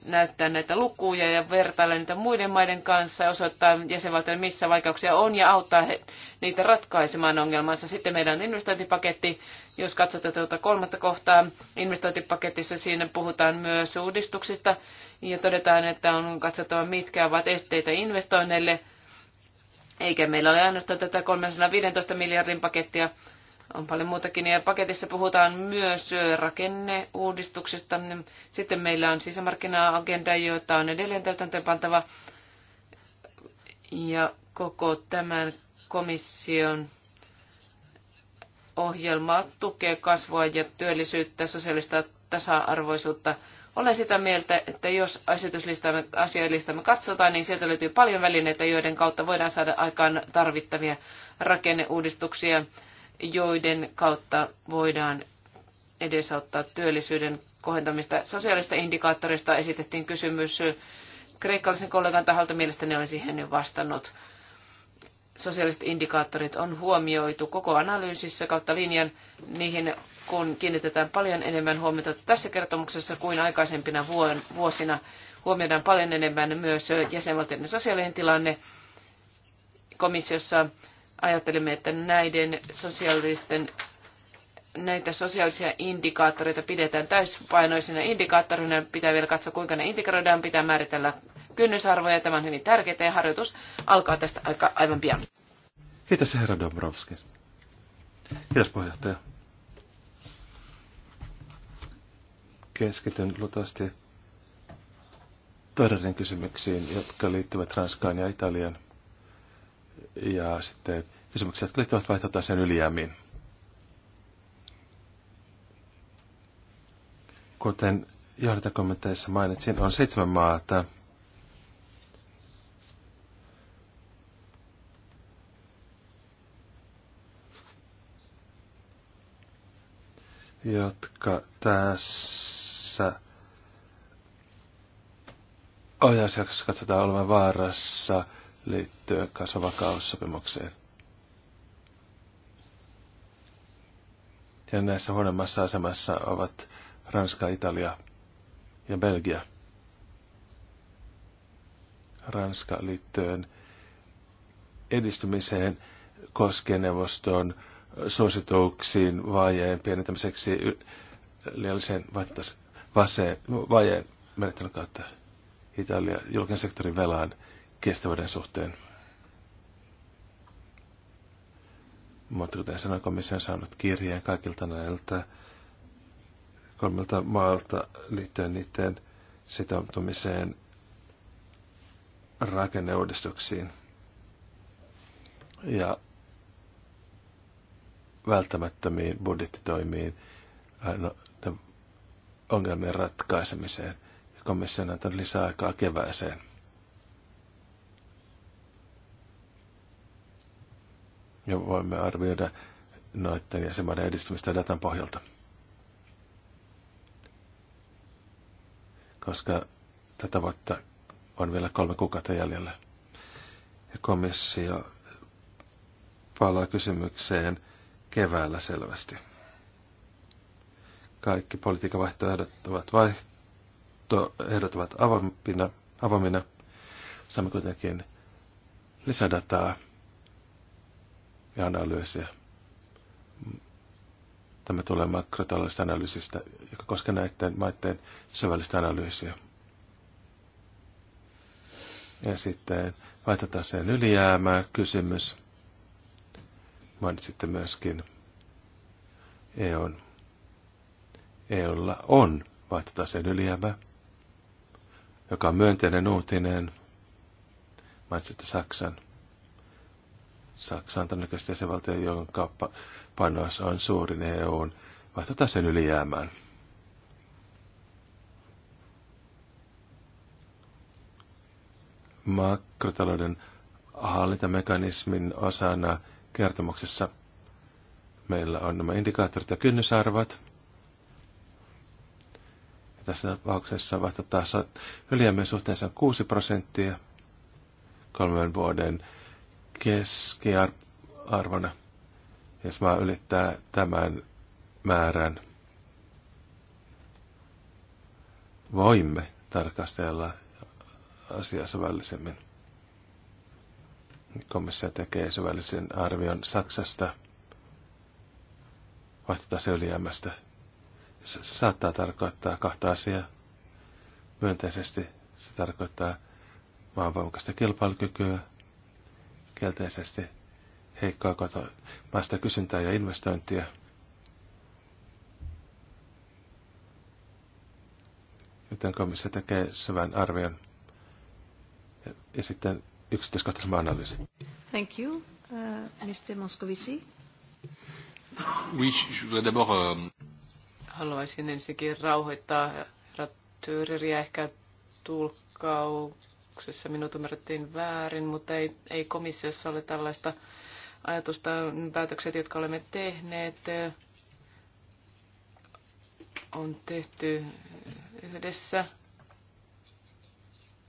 B: näyttää näitä lukuja ja vertailla niitä muiden maiden kanssa ja osoittaa jäsenvaltioille, missä vaikeuksia on ja auttaa he, niitä ratkaisemaan ongelmansa. Sitten meillä on investointipaketti, jos katsotaan tuota kolmatta kohtaa investointipaketissa, siinä puhutaan myös uudistuksista ja todetaan, että on katsottava, mitkä ovat esteitä investoinneille. Eikä meillä ole ainoastaan tätä 315 miljardin pakettia, on paljon muutakin. Ja paketissa puhutaan myös rakenneuudistuksesta. Sitten meillä on sisämarkkina-agenda, jota on edelleen täytäntöönpantava. Ja koko tämän komission ohjelma tukee kasvua ja työllisyyttä, sosiaalista tasa-arvoisuutta. Olen sitä mieltä, että jos esityslistamme, asialistamme katsotaan, niin sieltä löytyy paljon välineitä, joiden kautta voidaan saada aikaan tarvittavia rakenneuudistuksia joiden kautta voidaan edesauttaa työllisyyden kohentamista. Sosiaalista indikaattorista esitettiin kysymys kreikkalaisen kollegan taholta. Mielestäni olen siihen jo vastannut. Sosiaaliset indikaattorit on huomioitu koko analyysissä kautta linjan. Niihin kun kiinnitetään paljon enemmän huomiota tässä kertomuksessa kuin aikaisempina vuosina, huomioidaan paljon enemmän myös jäsenvaltioiden sosiaalinen tilanne. Komissiossa ajattelimme, että näiden sosiaalisten näitä sosiaalisia indikaattoreita pidetään täyspainoisina indikaattorina. Pitää vielä katsoa, kuinka ne integroidaan. Pitää määritellä kynnysarvoja. Tämä on hyvin tärkeää ja harjoitus alkaa tästä aika, aivan pian.
C: Kiitos herra Dombrovski. Kiitos puheenjohtaja. Keskityn luultavasti todellisin kysymyksiin, jotka liittyvät Ranskaan ja Italian ja sitten kysymyksiä, jotka liittyvät vaihtotaseen ylijäämiin. Kuten johdantakommenteissa mainitsin, on seitsemän maata, jotka tässä ohjausjaksossa katsotaan olevan vaarassa – liittyy kasvavakaussopimukseen. Ja näissä huonommassa asemassa ovat Ranska, Italia ja Belgia. Ranska liittyen edistymiseen koskien neuvoston suosituksiin vaajeen pienentämiseksi liiallisen vajeen menettelyn kautta Italia julkisen sektorin velan kestävyyden suhteen. Mutta kuten sanoin, komissio on saanut kirjeen kaikilta näiltä kolmelta maalta liittyen niiden sitoutumiseen rakenneuudistuksiin ja välttämättömiin budjettitoimiin äh, no, ongelmien ratkaisemiseen. Komissio on antanut lisäaikaa kevääseen. ja voimme arvioida noiden jäsenmaiden edistymistä datan pohjalta. Koska tätä vuotta on vielä kolme kuukautta jäljellä. Ja komissio palaa kysymykseen keväällä selvästi. Kaikki politiikan vaihtoehdot ovat, vaihtoehdot ovat avoimina, avoimina. Saamme kuitenkin lisädataa ja analyysiä. Tämä tulee makrotaloudellisesta analyysistä, joka koskee näiden maiden syvällistä analyysiä. Ja sitten sen ylijäämää kysymys. Mainitsitte myöskin EUn. EUlla on sen ylijäämää, joka on myönteinen uutinen. Mainitsitte Saksan. Saksa on todennäköisesti se valtio, jonka panos on suurin EUn vaihtotaseen ylijäämään. Makrotalouden hallintamekanismin osana kertomuksessa meillä on nämä indikaattorit ja kynnysarvot. Ja tässä tapauksessa vaihtotasot ylijäämien suhteessa on 6 prosenttia kolmen vuoden keskiarvona, jos maa ylittää tämän määrän. Voimme tarkastella asiaa syvällisemmin. Komissio tekee syvällisen arvion Saksasta vaihtotase ylijäämästä. Se saattaa tarkoittaa kahta asiaa. Myönteisesti se tarkoittaa maan kilpailukykyä kielteisesti heikkoa kotimaista kysyntää ja investointia. Joten komissio tekee syvän arvion ja, ja sitten yksityiskohtaisemman analyysin.
B: Thank you, uh, Mr. Moscovici.
C: Oui, je voudrais d'abord... Euh,
B: Haluaisin ensinnäkin rauhoittaa herra Töreriä ehkä tulkkau tapauksessa minut ymmärrettiin väärin, mutta ei, ei komissiossa ole tällaista ajatusta. Päätökset, jotka olemme tehneet, on tehty yhdessä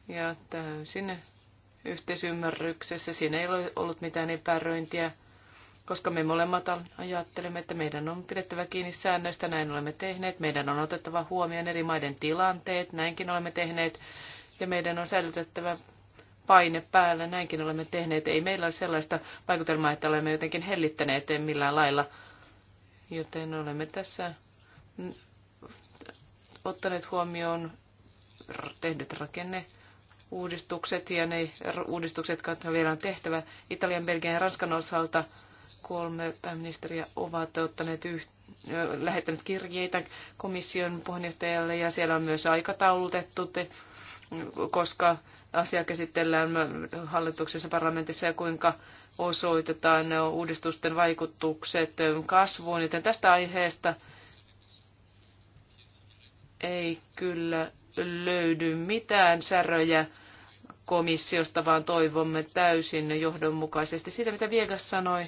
B: ja täysin yhteisymmärryksessä. Siinä ei ole ollut mitään epäröintiä, koska me molemmat ajattelemme, että meidän on pidettävä kiinni säännöistä, näin olemme tehneet. Meidän on otettava huomioon eri maiden tilanteet, näinkin olemme tehneet ja meidän on säilytettävä paine päällä. Näinkin olemme tehneet. Ei meillä ole sellaista vaikutelmaa, että olemme jotenkin hellittäneet millään lailla. Joten olemme tässä ottaneet huomioon tehdyt rakenne uudistukset ja ne uudistukset, jotka vielä on tehtävä Italian, Belgian ja Ranskan osalta. Kolme pääministeriä ovat ottaneet yht, lähettäneet kirjeitä komission puheenjohtajalle ja siellä on myös aikataulutettu te, koska asia käsitellään hallituksessa, parlamentissa ja kuinka osoitetaan uudistusten vaikutukset kasvuun. Joten tästä aiheesta ei kyllä löydy mitään säröjä komissiosta, vaan toivomme täysin johdonmukaisesti siitä, mitä Viegas sanoi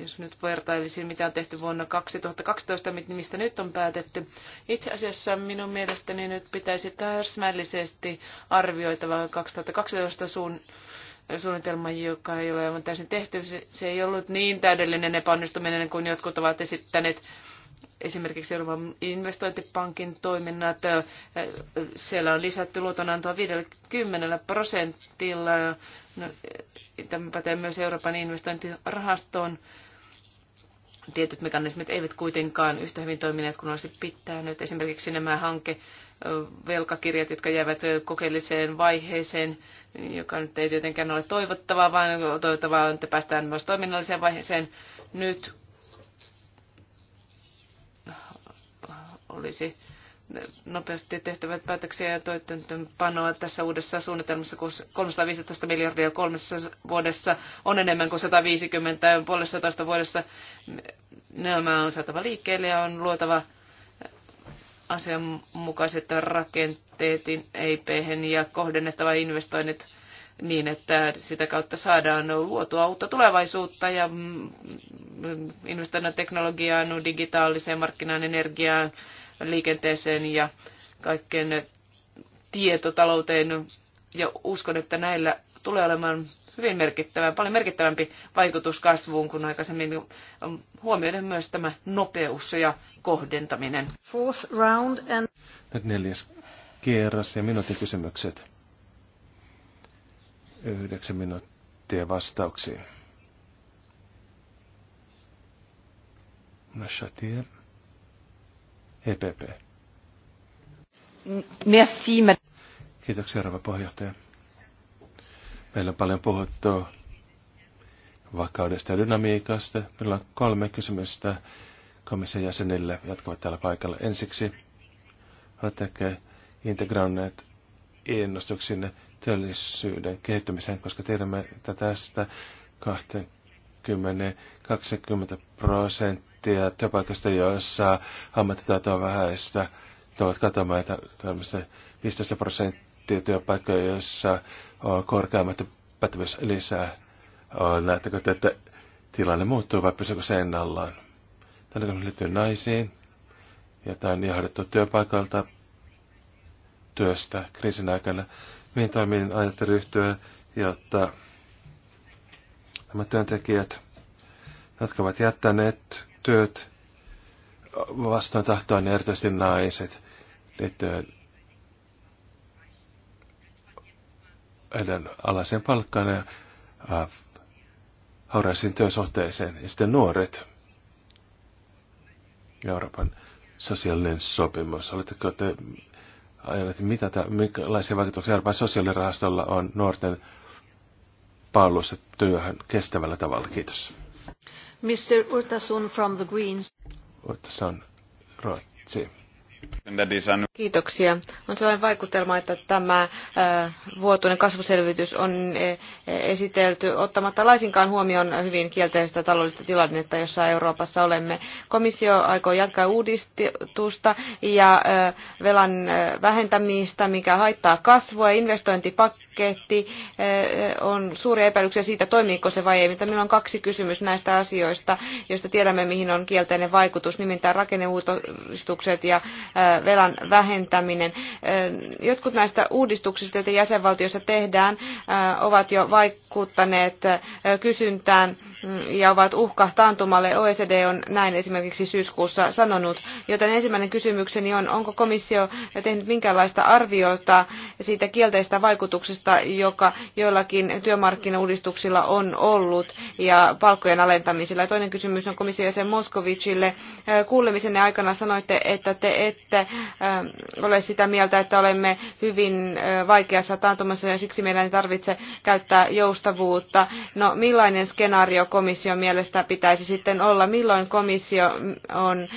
B: jos nyt vertailisin, mitä on tehty vuonna 2012, mistä nyt on päätetty. Itse asiassa minun mielestäni nyt pitäisi täsmällisesti arvioitava 2012 suun suunnitelma, joka ei ole aivan täysin tehty. Se, se ei ollut niin täydellinen epäonnistuminen kuin jotkut ovat esittäneet. Esimerkiksi Euroopan investointipankin toiminnat, siellä on lisätty luotonantoa 50 prosentilla. No, tämä pätee myös Euroopan investointirahastoon tietyt mekanismit eivät kuitenkaan yhtä hyvin toimineet kuin olisi pitänyt. Esimerkiksi nämä hanke velkakirjat, jotka jäävät kokeelliseen vaiheeseen, joka nyt ei tietenkään ole toivottavaa, vaan toivottavaa on, että päästään myös toiminnalliseen vaiheeseen. Nyt olisi nopeasti tehtävät päätöksiä ja panoa tässä uudessa suunnitelmassa, kun 315 miljardia kolmessa vuodessa on enemmän kuin 150 ja puolessa vuodessa. Nämä on saatava liikkeelle ja on luotava asianmukaiset rakenteet eip ja kohdennettava investoinnit niin, että sitä kautta saadaan luotua uutta tulevaisuutta ja mm, mm, investoida teknologiaan, digitaaliseen markkinaan, energiaan, liikenteeseen ja kaikkeen tietotalouteen. Ja uskon, että näillä tulee olemaan hyvin merkittävä, paljon merkittävämpi vaikutus kasvuun kuin aikaisemmin huomioiden myös tämä nopeus ja kohdentaminen. Fourth
A: round and...
C: Nyt neljäs kierros ja minuutin kysymykset. Yhdeksän minuuttia vastauksiin. Nashatia. No, EPP. Merci. Kiitoksia, rouva puheenjohtaja. Meillä on paljon puhuttu vakaudesta ja dynamiikasta. Meillä on kolme kysymystä komission jäsenille, jotka ovat täällä paikalla. Ensiksi, oletteko integroineet innostuksinne työllisyyden kehittymiseen, koska tiedämme, että tästä 20-20 prosenttia prosenttia työpaikasta, joissa ammattitaito on vähäistä, tulevat katsomaan, että 15 prosenttia työpaikkoja, joissa on korkeammat pätevyys lisää. Näettekö te, että tilanne muuttuu vai pysyykö se ennallaan? Tänne liittyy naisiin, on johdettu työpaikalta, työstä kriisin aikana. Mihin toimiin aiotte ryhtyä, jotta nämä työntekijät, jotka ovat jättäneet tytöt vastaan tahtoa, niin erityisesti naiset liittyen heidän alaisen palkkaan ja äh, hauraisiin työsuhteeseen. Ja sitten nuoret. Euroopan sosiaalinen sopimus. Oletteko te ajaneet tämä minkälaisia vaikutuksia Euroopan sosiaalirahastolla on nuorten paalussa työhön kestävällä tavalla? Kiitos.
A: Mr. Urtasun from the Greens.
C: Urtasun, Ruotsi.
A: Kiitoksia. On sellainen vaikutelma, että tämä vuotuinen kasvuselvitys on e, esitelty ottamatta laisinkaan huomioon hyvin kielteistä taloudellista tilannetta, jossa Euroopassa olemme. Komissio aikoo jatkaa uudistusta ja velan vähentämistä, mikä haittaa kasvua ja investointipankkia paketti. Eh, on suuria epäilyksiä siitä, toimiiko se vai ei, mutta minulla on kaksi kysymys näistä asioista, joista tiedämme, mihin on kielteinen vaikutus, nimittäin rakenneuudistukset ja eh, velan vähentäminen. Eh, jotkut näistä uudistuksista, joita jäsenvaltiossa tehdään, ovat jo vaikuttaneet kysyntään ja ovat uhka taantumalle. OECD on näin esimerkiksi syyskuussa sanonut. Joten ensimmäinen kysymykseni on, onko komissio tehnyt minkäänlaista arviota siitä kielteistä vaikutuksesta, joka joillakin työmarkkinauudistuksilla on ollut ja palkkojen alentamisilla. Ja toinen kysymys on komission jäsen Moskovicille. Äh, kuulemisenne aikana sanoitte, että te ette äh, ole sitä mieltä, että olemme hyvin äh, vaikeassa taantumassa ja siksi meidän ei tarvitse käyttää joustavuutta. No millainen skenaario komission mielestä pitäisi sitten olla? Milloin komissio on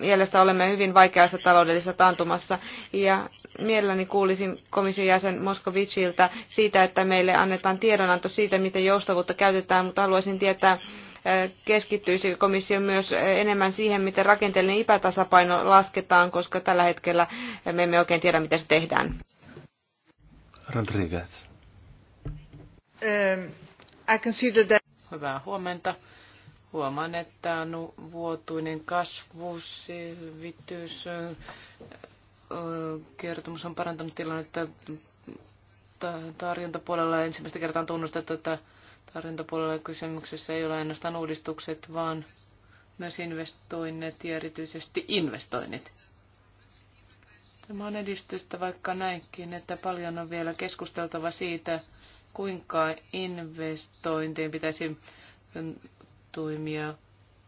A: mielestä olemme hyvin vaikeassa taloudellisessa taantumassa? Ja mielelläni kuulisin komission jäsen Moskovicilta siitä, että meille annetaan tiedonanto siitä, miten joustavuutta käytetään, mutta haluaisin tietää, keskittyisi komissio myös enemmän siihen, miten rakenteellinen epätasapaino lasketaan, koska tällä hetkellä me emme oikein tiedä, mitä se tehdään.
C: Rodriguez.
B: Um, I consider that... Hyvää huomenta. Huomaan, että on vuotuinen selvitys, Kertomus on parantanut tilannetta tarjontapuolella. Ensimmäistä kertaa on tunnustettu, että tarjontapuolella kysymyksessä ei ole ainoastaan uudistukset, vaan myös investoinnit ja erityisesti investoinnit. Tämä on edistystä, vaikka näinkin, että paljon on vielä keskusteltava siitä, kuinka investointien pitäisi toimia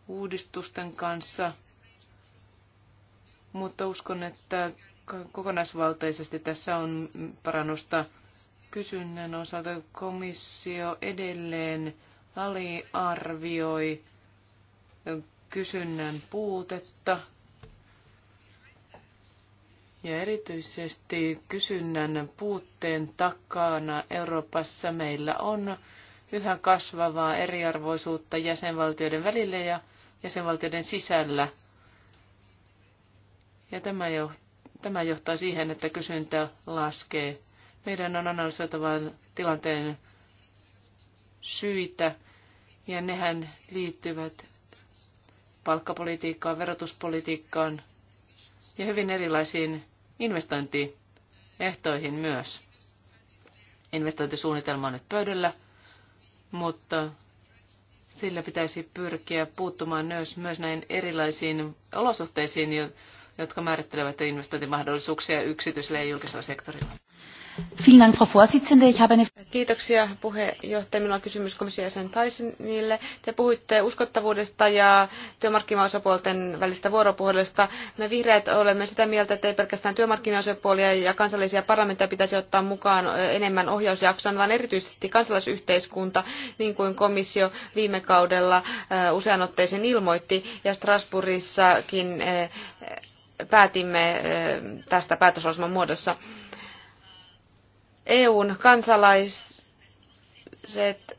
B: uudistusten kanssa, mutta uskon, että kokonaisvaltaisesti tässä on parannusta kysynnän osalta. Komissio edelleen aliarvioi kysynnän puutetta ja erityisesti kysynnän puutteen takana Euroopassa meillä on yhä kasvavaa eriarvoisuutta jäsenvaltioiden välillä ja jäsenvaltioiden sisällä. Ja tämä, jo, tämä johtaa siihen, että kysyntä laskee. Meidän on analysoitava tilanteen syitä, ja nehän liittyvät palkkapolitiikkaan, verotuspolitiikkaan ja hyvin erilaisiin investointiehtoihin myös. Investointisuunnitelma on nyt pöydällä, mutta sillä pitäisi pyrkiä puuttumaan myös, myös näin erilaisiin olosuhteisiin, jotka määrittelevät investointimahdollisuuksia yksityisellä ja julkisella sektorilla.
A: Kiitoksia puheenjohtaja. Minulla on kysymys komission jäsen Tysonille. Te puhuitte uskottavuudesta ja työmarkkinaosapuolten välistä vuoropuhelusta. Me vihreät olemme sitä mieltä, että ei pelkästään työmarkkinaosapuolia ja kansallisia parlamentteja pitäisi ottaa mukaan enemmän ohjausjakson, vaan erityisesti kansalaisyhteiskunta, niin kuin komissio viime kaudella usean otteeseen ilmoitti ja Strasbourgissakin päätimme tästä päätöslausuman muodossa EUn kansalaiset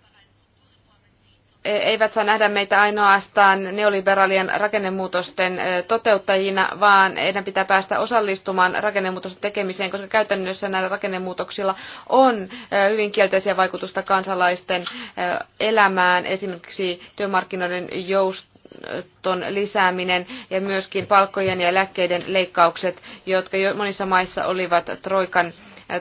A: e, eivät saa nähdä meitä ainoastaan neoliberaalien rakennemuutosten e, toteuttajina, vaan heidän pitää päästä osallistumaan rakennemuutosten tekemiseen, koska käytännössä näillä rakennemuutoksilla on e, hyvin kielteisiä vaikutusta kansalaisten elämään, esimerkiksi työmarkkinoiden jouston lisääminen ja myöskin palkkojen ja eläkkeiden leikkaukset, jotka jo monissa maissa olivat Troikan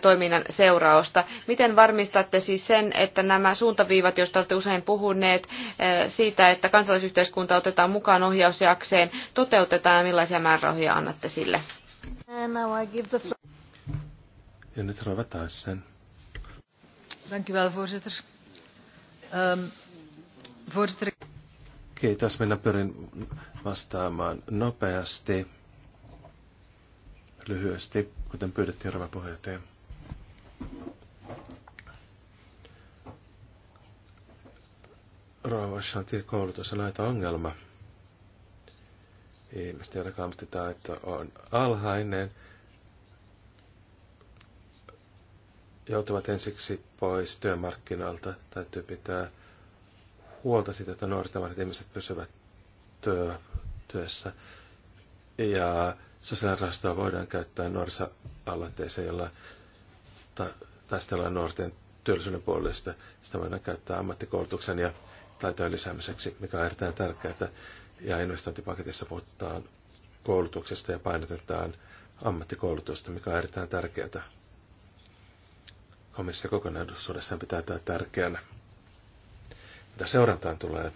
A: toiminnan seurausta. Miten varmistatte siis sen, että nämä suuntaviivat, joista olette usein puhuneet, eh, siitä, että kansalaisyhteiskunta otetaan mukaan ohjausjakseen, toteutetaan ja millaisia määrärahoja annatte sille?
C: Ja nyt Rova voorzitter. Um, voorzitter. Kiitos. Minä pyrin vastaamaan nopeasti, lyhyesti, kuten pyydettiin rouva Rauha koulutus on aito ongelma. Ihmisten, joiden ammattitaito on alhainen, joutuvat ensiksi pois työmarkkinoilta. Täytyy pitää huolta siitä, että nuoret amarit ihmiset pysyvät työ, työssä. Ja sosiaalirahastoa voidaan käyttää nuorisoaloitteeseen, jolla tästä taistellaan nuorten työllisyyden puolesta. Sitä voidaan käyttää ammattikoulutuksen ja taitojen lisäämiseksi, mikä on erittäin tärkeää. Ja investointipaketissa puhutaan koulutuksesta ja painotetaan ammattikoulutusta, mikä on erittäin tärkeää. Komissio kokonaisuudessaan pitää tätä tärkeänä. Mitä seurantaan tulee,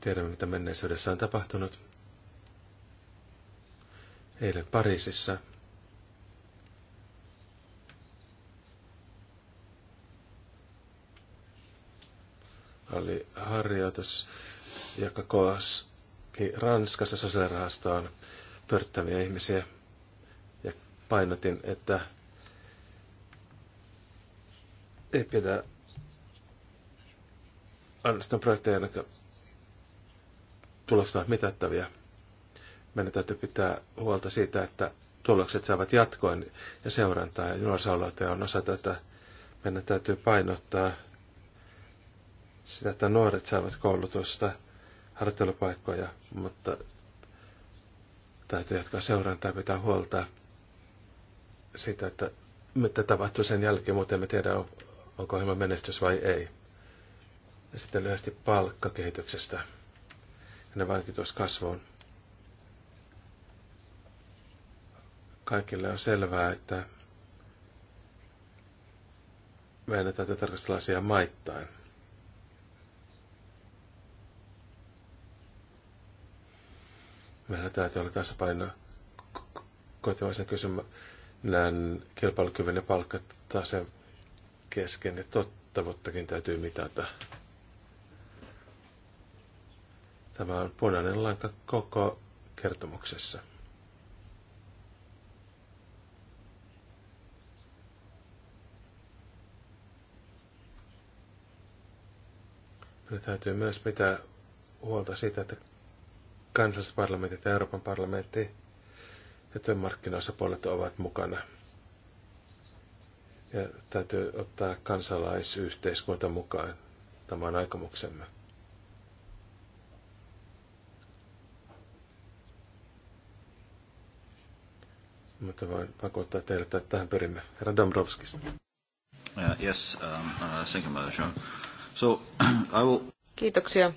C: tiedämme mitä menneisyydessä on tapahtunut. Eilen Pariisissa oli harjoitus, joka koski Ranskassa sosiaalirahastoon pörttäviä ihmisiä. Ja painotin, että ei pidä annostaa projekteja, jotka tulosta mitattavia. Meidän täytyy pitää huolta siitä, että tulokset saavat jatkoin ja seurantaa, ja nuorisoaloite on osa tätä. Meidän täytyy painottaa sitä, että nuoret saavat koulutusta, harjoittelupaikkoja, mutta täytyy jatkaa seurantaa ja pitää huolta sitä, että mitä tapahtuu sen jälkeen, mutta emme tiedä, onko ohjelma menestys vai ei. Ja sitten lyhyesti palkkakehityksestä ja ne vaikutus kasvuun. Kaikille on selvää, että meidän täytyy tarkastella asiaa maittain. Meillä täytyy olla tasapaino kotimaisen kysymään kilpailukyvyn ja palkkatasen kesken ja tottavuuttakin täytyy mitata. Tämä on punainen lanka koko kertomuksessa. Meidän täytyy myös pitää huolta siitä, että kansalliset parlamentit ja Euroopan parlamentti ja työmarkkinaosapuolet ovat mukana. Ja täytyy ottaa kansalaisyhteiskunta mukaan. Tämä aikomuksemme. Mutta voin pakottaa teille, että tähän perimme. Herra Dombrovskis. Uh,
B: yes, um, uh, thank you, Madam
A: So, <clears throat> I will... Kiitoksia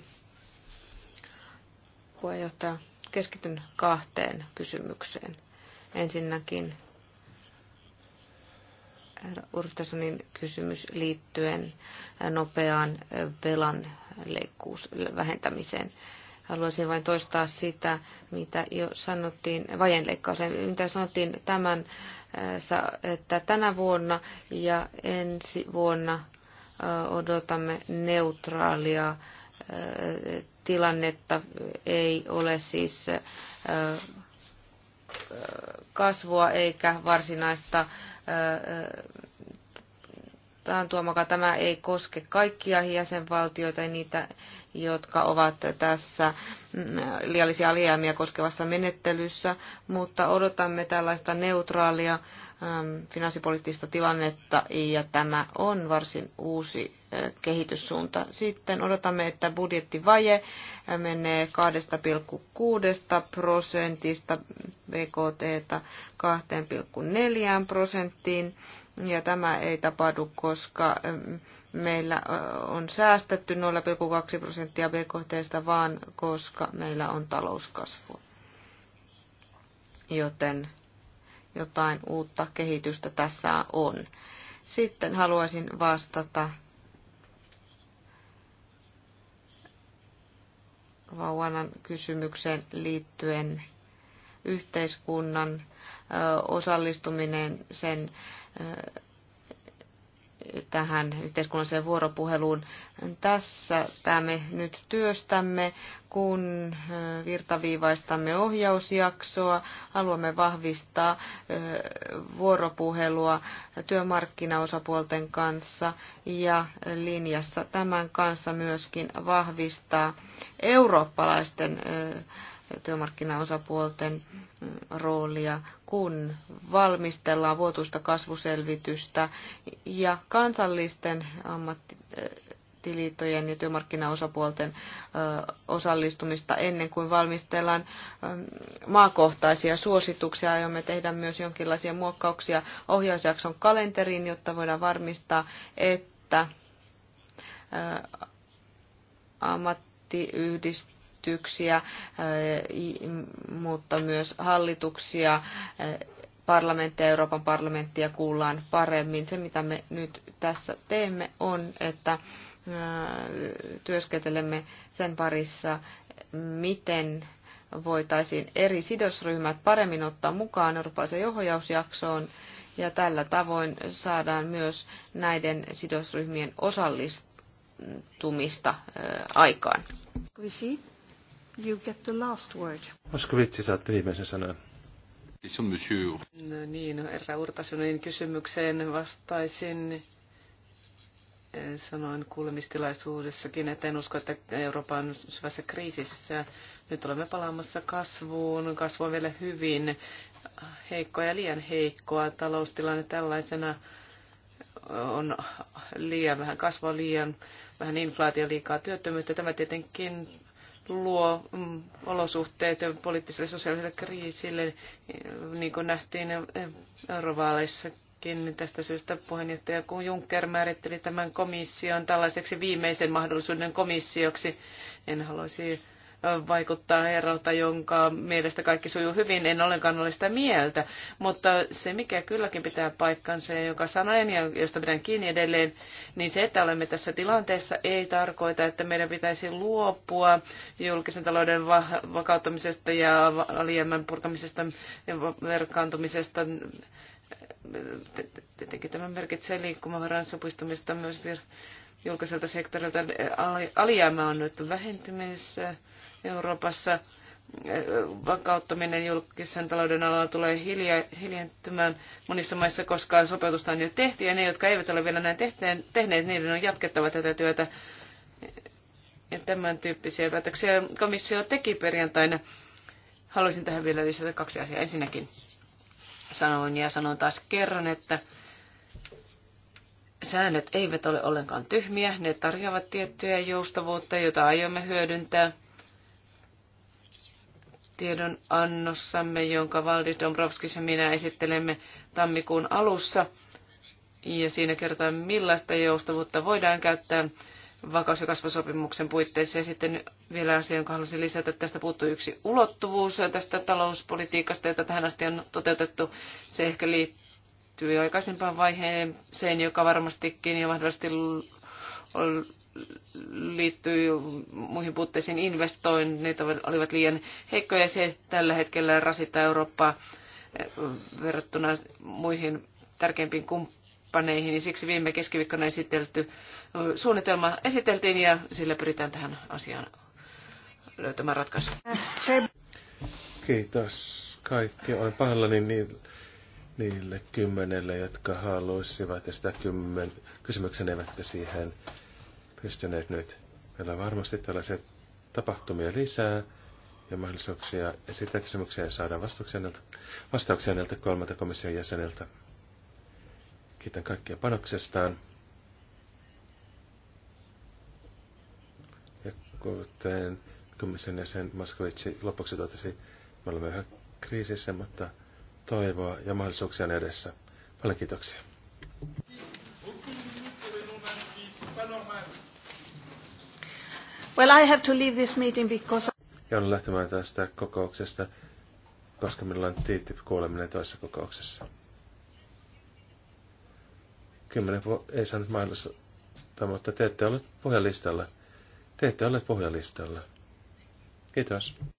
A: puheenjohtaja. Keskityn kahteen kysymykseen. Ensinnäkin Urtasonin kysymys liittyen nopeaan velan leikkuus vähentämiseen. Haluaisin vain toistaa sitä, mitä jo sanottiin, vajenleikkaus, mitä sanottiin tämän, äh, että tänä vuonna ja ensi vuonna äh, odotamme neutraalia äh, tilannetta, ei ole siis kasvua eikä varsinaista taantumakaan. Tämä ei koske kaikkia jäsenvaltioita ja niitä, jotka ovat tässä mm, liiallisia alijäämiä koskevassa menettelyssä, mutta odotamme tällaista neutraalia Ähm, finanssipoliittista tilannetta ja tämä on varsin uusi äh, kehityssuunta. Sitten odotamme, että budjettivaje äh, menee 2,6 prosentista BKT 2,4 prosenttiin ja tämä ei tapahdu, koska ähm, meillä äh, on säästetty 0,2 prosenttia BKT, vaan koska meillä on talouskasvu, Joten jotain uutta kehitystä tässä on. Sitten haluaisin vastata Vauanan kysymykseen liittyen yhteiskunnan osallistuminen sen tähän yhteiskunnalliseen vuoropuheluun. Tässä tämä me nyt työstämme, kun virtaviivaistamme ohjausjaksoa, haluamme vahvistaa vuoropuhelua työmarkkinaosapuolten kanssa ja linjassa tämän kanssa myöskin vahvistaa eurooppalaisten työmarkkinaosapuolten roolia, kun valmistellaan vuotuista kasvuselvitystä ja kansallisten ammattiliittojen ja työmarkkinaosapuolten osallistumista ennen kuin valmistellaan maakohtaisia suosituksia. Aiomme tehdä myös jonkinlaisia muokkauksia ohjausjakson kalenteriin, jotta voidaan varmistaa, että ammattiyhdistys yrityksiä, mutta myös hallituksia, parlamentteja, Euroopan parlamenttia kuullaan paremmin. Se, mitä me nyt tässä teemme, on, että työskentelemme sen parissa, miten voitaisiin eri sidosryhmät paremmin ottaa mukaan eurooppalaisen johjausjaksoon ja tällä tavoin saadaan myös näiden sidosryhmien osallistumista aikaan.
B: You get the last word.
C: Moskovitsi, saat viimeisen sanan.
B: No niin, herra Urtasunin kysymykseen vastaisin. Sanoin kuulemistilaisuudessakin, että en usko, että Euroopan syvässä kriisissä. Nyt olemme palaamassa kasvuun. Kasvu on vielä hyvin heikkoa ja liian heikkoa. Taloustilanne tällaisena on liian vähän kasvua, liian vähän inflaatio, liikaa työttömyyttä. Tämä tietenkin luo mm, olosuhteet poliittiselle sosiaaliselle kriisille, niin kuin nähtiin eurovaaleissakin tästä syystä puheenjohtaja, kun Juncker määritteli tämän komission tällaiseksi viimeisen mahdollisuuden komissioksi. En haluaisi vaikuttaa herralta, jonka mielestä kaikki sujuu hyvin. En ollenkaan ole sitä mieltä, mutta se mikä kylläkin pitää paikkansa ja joka sanoen ja josta pidän kiinni edelleen, niin se, että olemme tässä tilanteessa ei tarkoita, että meidän pitäisi luopua julkisen talouden vakauttamisesta ja alijäämän purkamisesta ja verkaantumisesta tietenkin tämä merkitsee liikkumavaran supistumista myös vir- julkiselta sektorilta. Alijäämä on nyt vähentymisessä. Euroopassa vakauttaminen julkisen talouden alalla tulee hilja, hiljentymään monissa maissa, koska sopeutusta on jo tehty, ja ne, jotka eivät ole vielä näin tehteen, tehneet, niiden on jatkettava tätä työtä. Ja tämän tyyppisiä päätöksiä komissio teki perjantaina. Haluaisin tähän vielä lisätä kaksi asiaa. Ensinnäkin sanoin ja sanon taas kerran, että säännöt eivät ole ollenkaan tyhmiä. Ne tarjoavat tiettyä joustavuutta, jota aiomme hyödyntää – tiedon annossamme, jonka Valdis Dombrovskis ja minä esittelemme tammikuun alussa. Ja siinä kerrotaan, millaista joustavuutta voidaan käyttää vakaus- ja kasvusopimuksen puitteissa. Ja sitten vielä asia, jonka haluaisin lisätä, että tästä puuttuu yksi ulottuvuus tästä talouspolitiikasta, jota tähän asti on toteutettu. Se ehkä liittyy aikaisempaan vaiheeseen, joka varmastikin ja mahdollisesti liittyy muihin puutteisiin. Investoinnit olivat liian heikkoja se tällä hetkellä rasittaa Eurooppaa eh, verrattuna muihin tärkeimpiin kumppaneihin. Ja siksi viime keskiviikkona esitelty eh, suunnitelma esiteltiin ja sillä pyritään tähän asiaan löytämään ratkaisu.
C: Kiitos kaikki. Olen pahoillani niin niille kymmenelle, jotka haluaisivat, ja sitä kymmen, kysymyksen eivätkä siihen pystyneet nyt. Meillä on varmasti tällaisia tapahtumia lisää ja mahdollisuuksia esittää kysymyksiä ja saada vastauksia näiltä kolmelta komission jäseniltä. Kiitän kaikkia panoksestaan. Ja kuten komission jäsen Moskovitsi lopuksi totesi, me olemme yhä kriisissä, mutta toivoa ja mahdollisuuksia on edessä. Paljon kiitoksia.
B: Well, I have to leave this meeting because...
C: Joudun lähtemään tästä kokouksesta, koska minulla on TTIP-kuuleminen toisessa kokouksessa. Kymmenen ei saanut mahdollisuutta, mutta te ette ole pohjalistalla. Te ette ole pohjalistalla. Kiitos.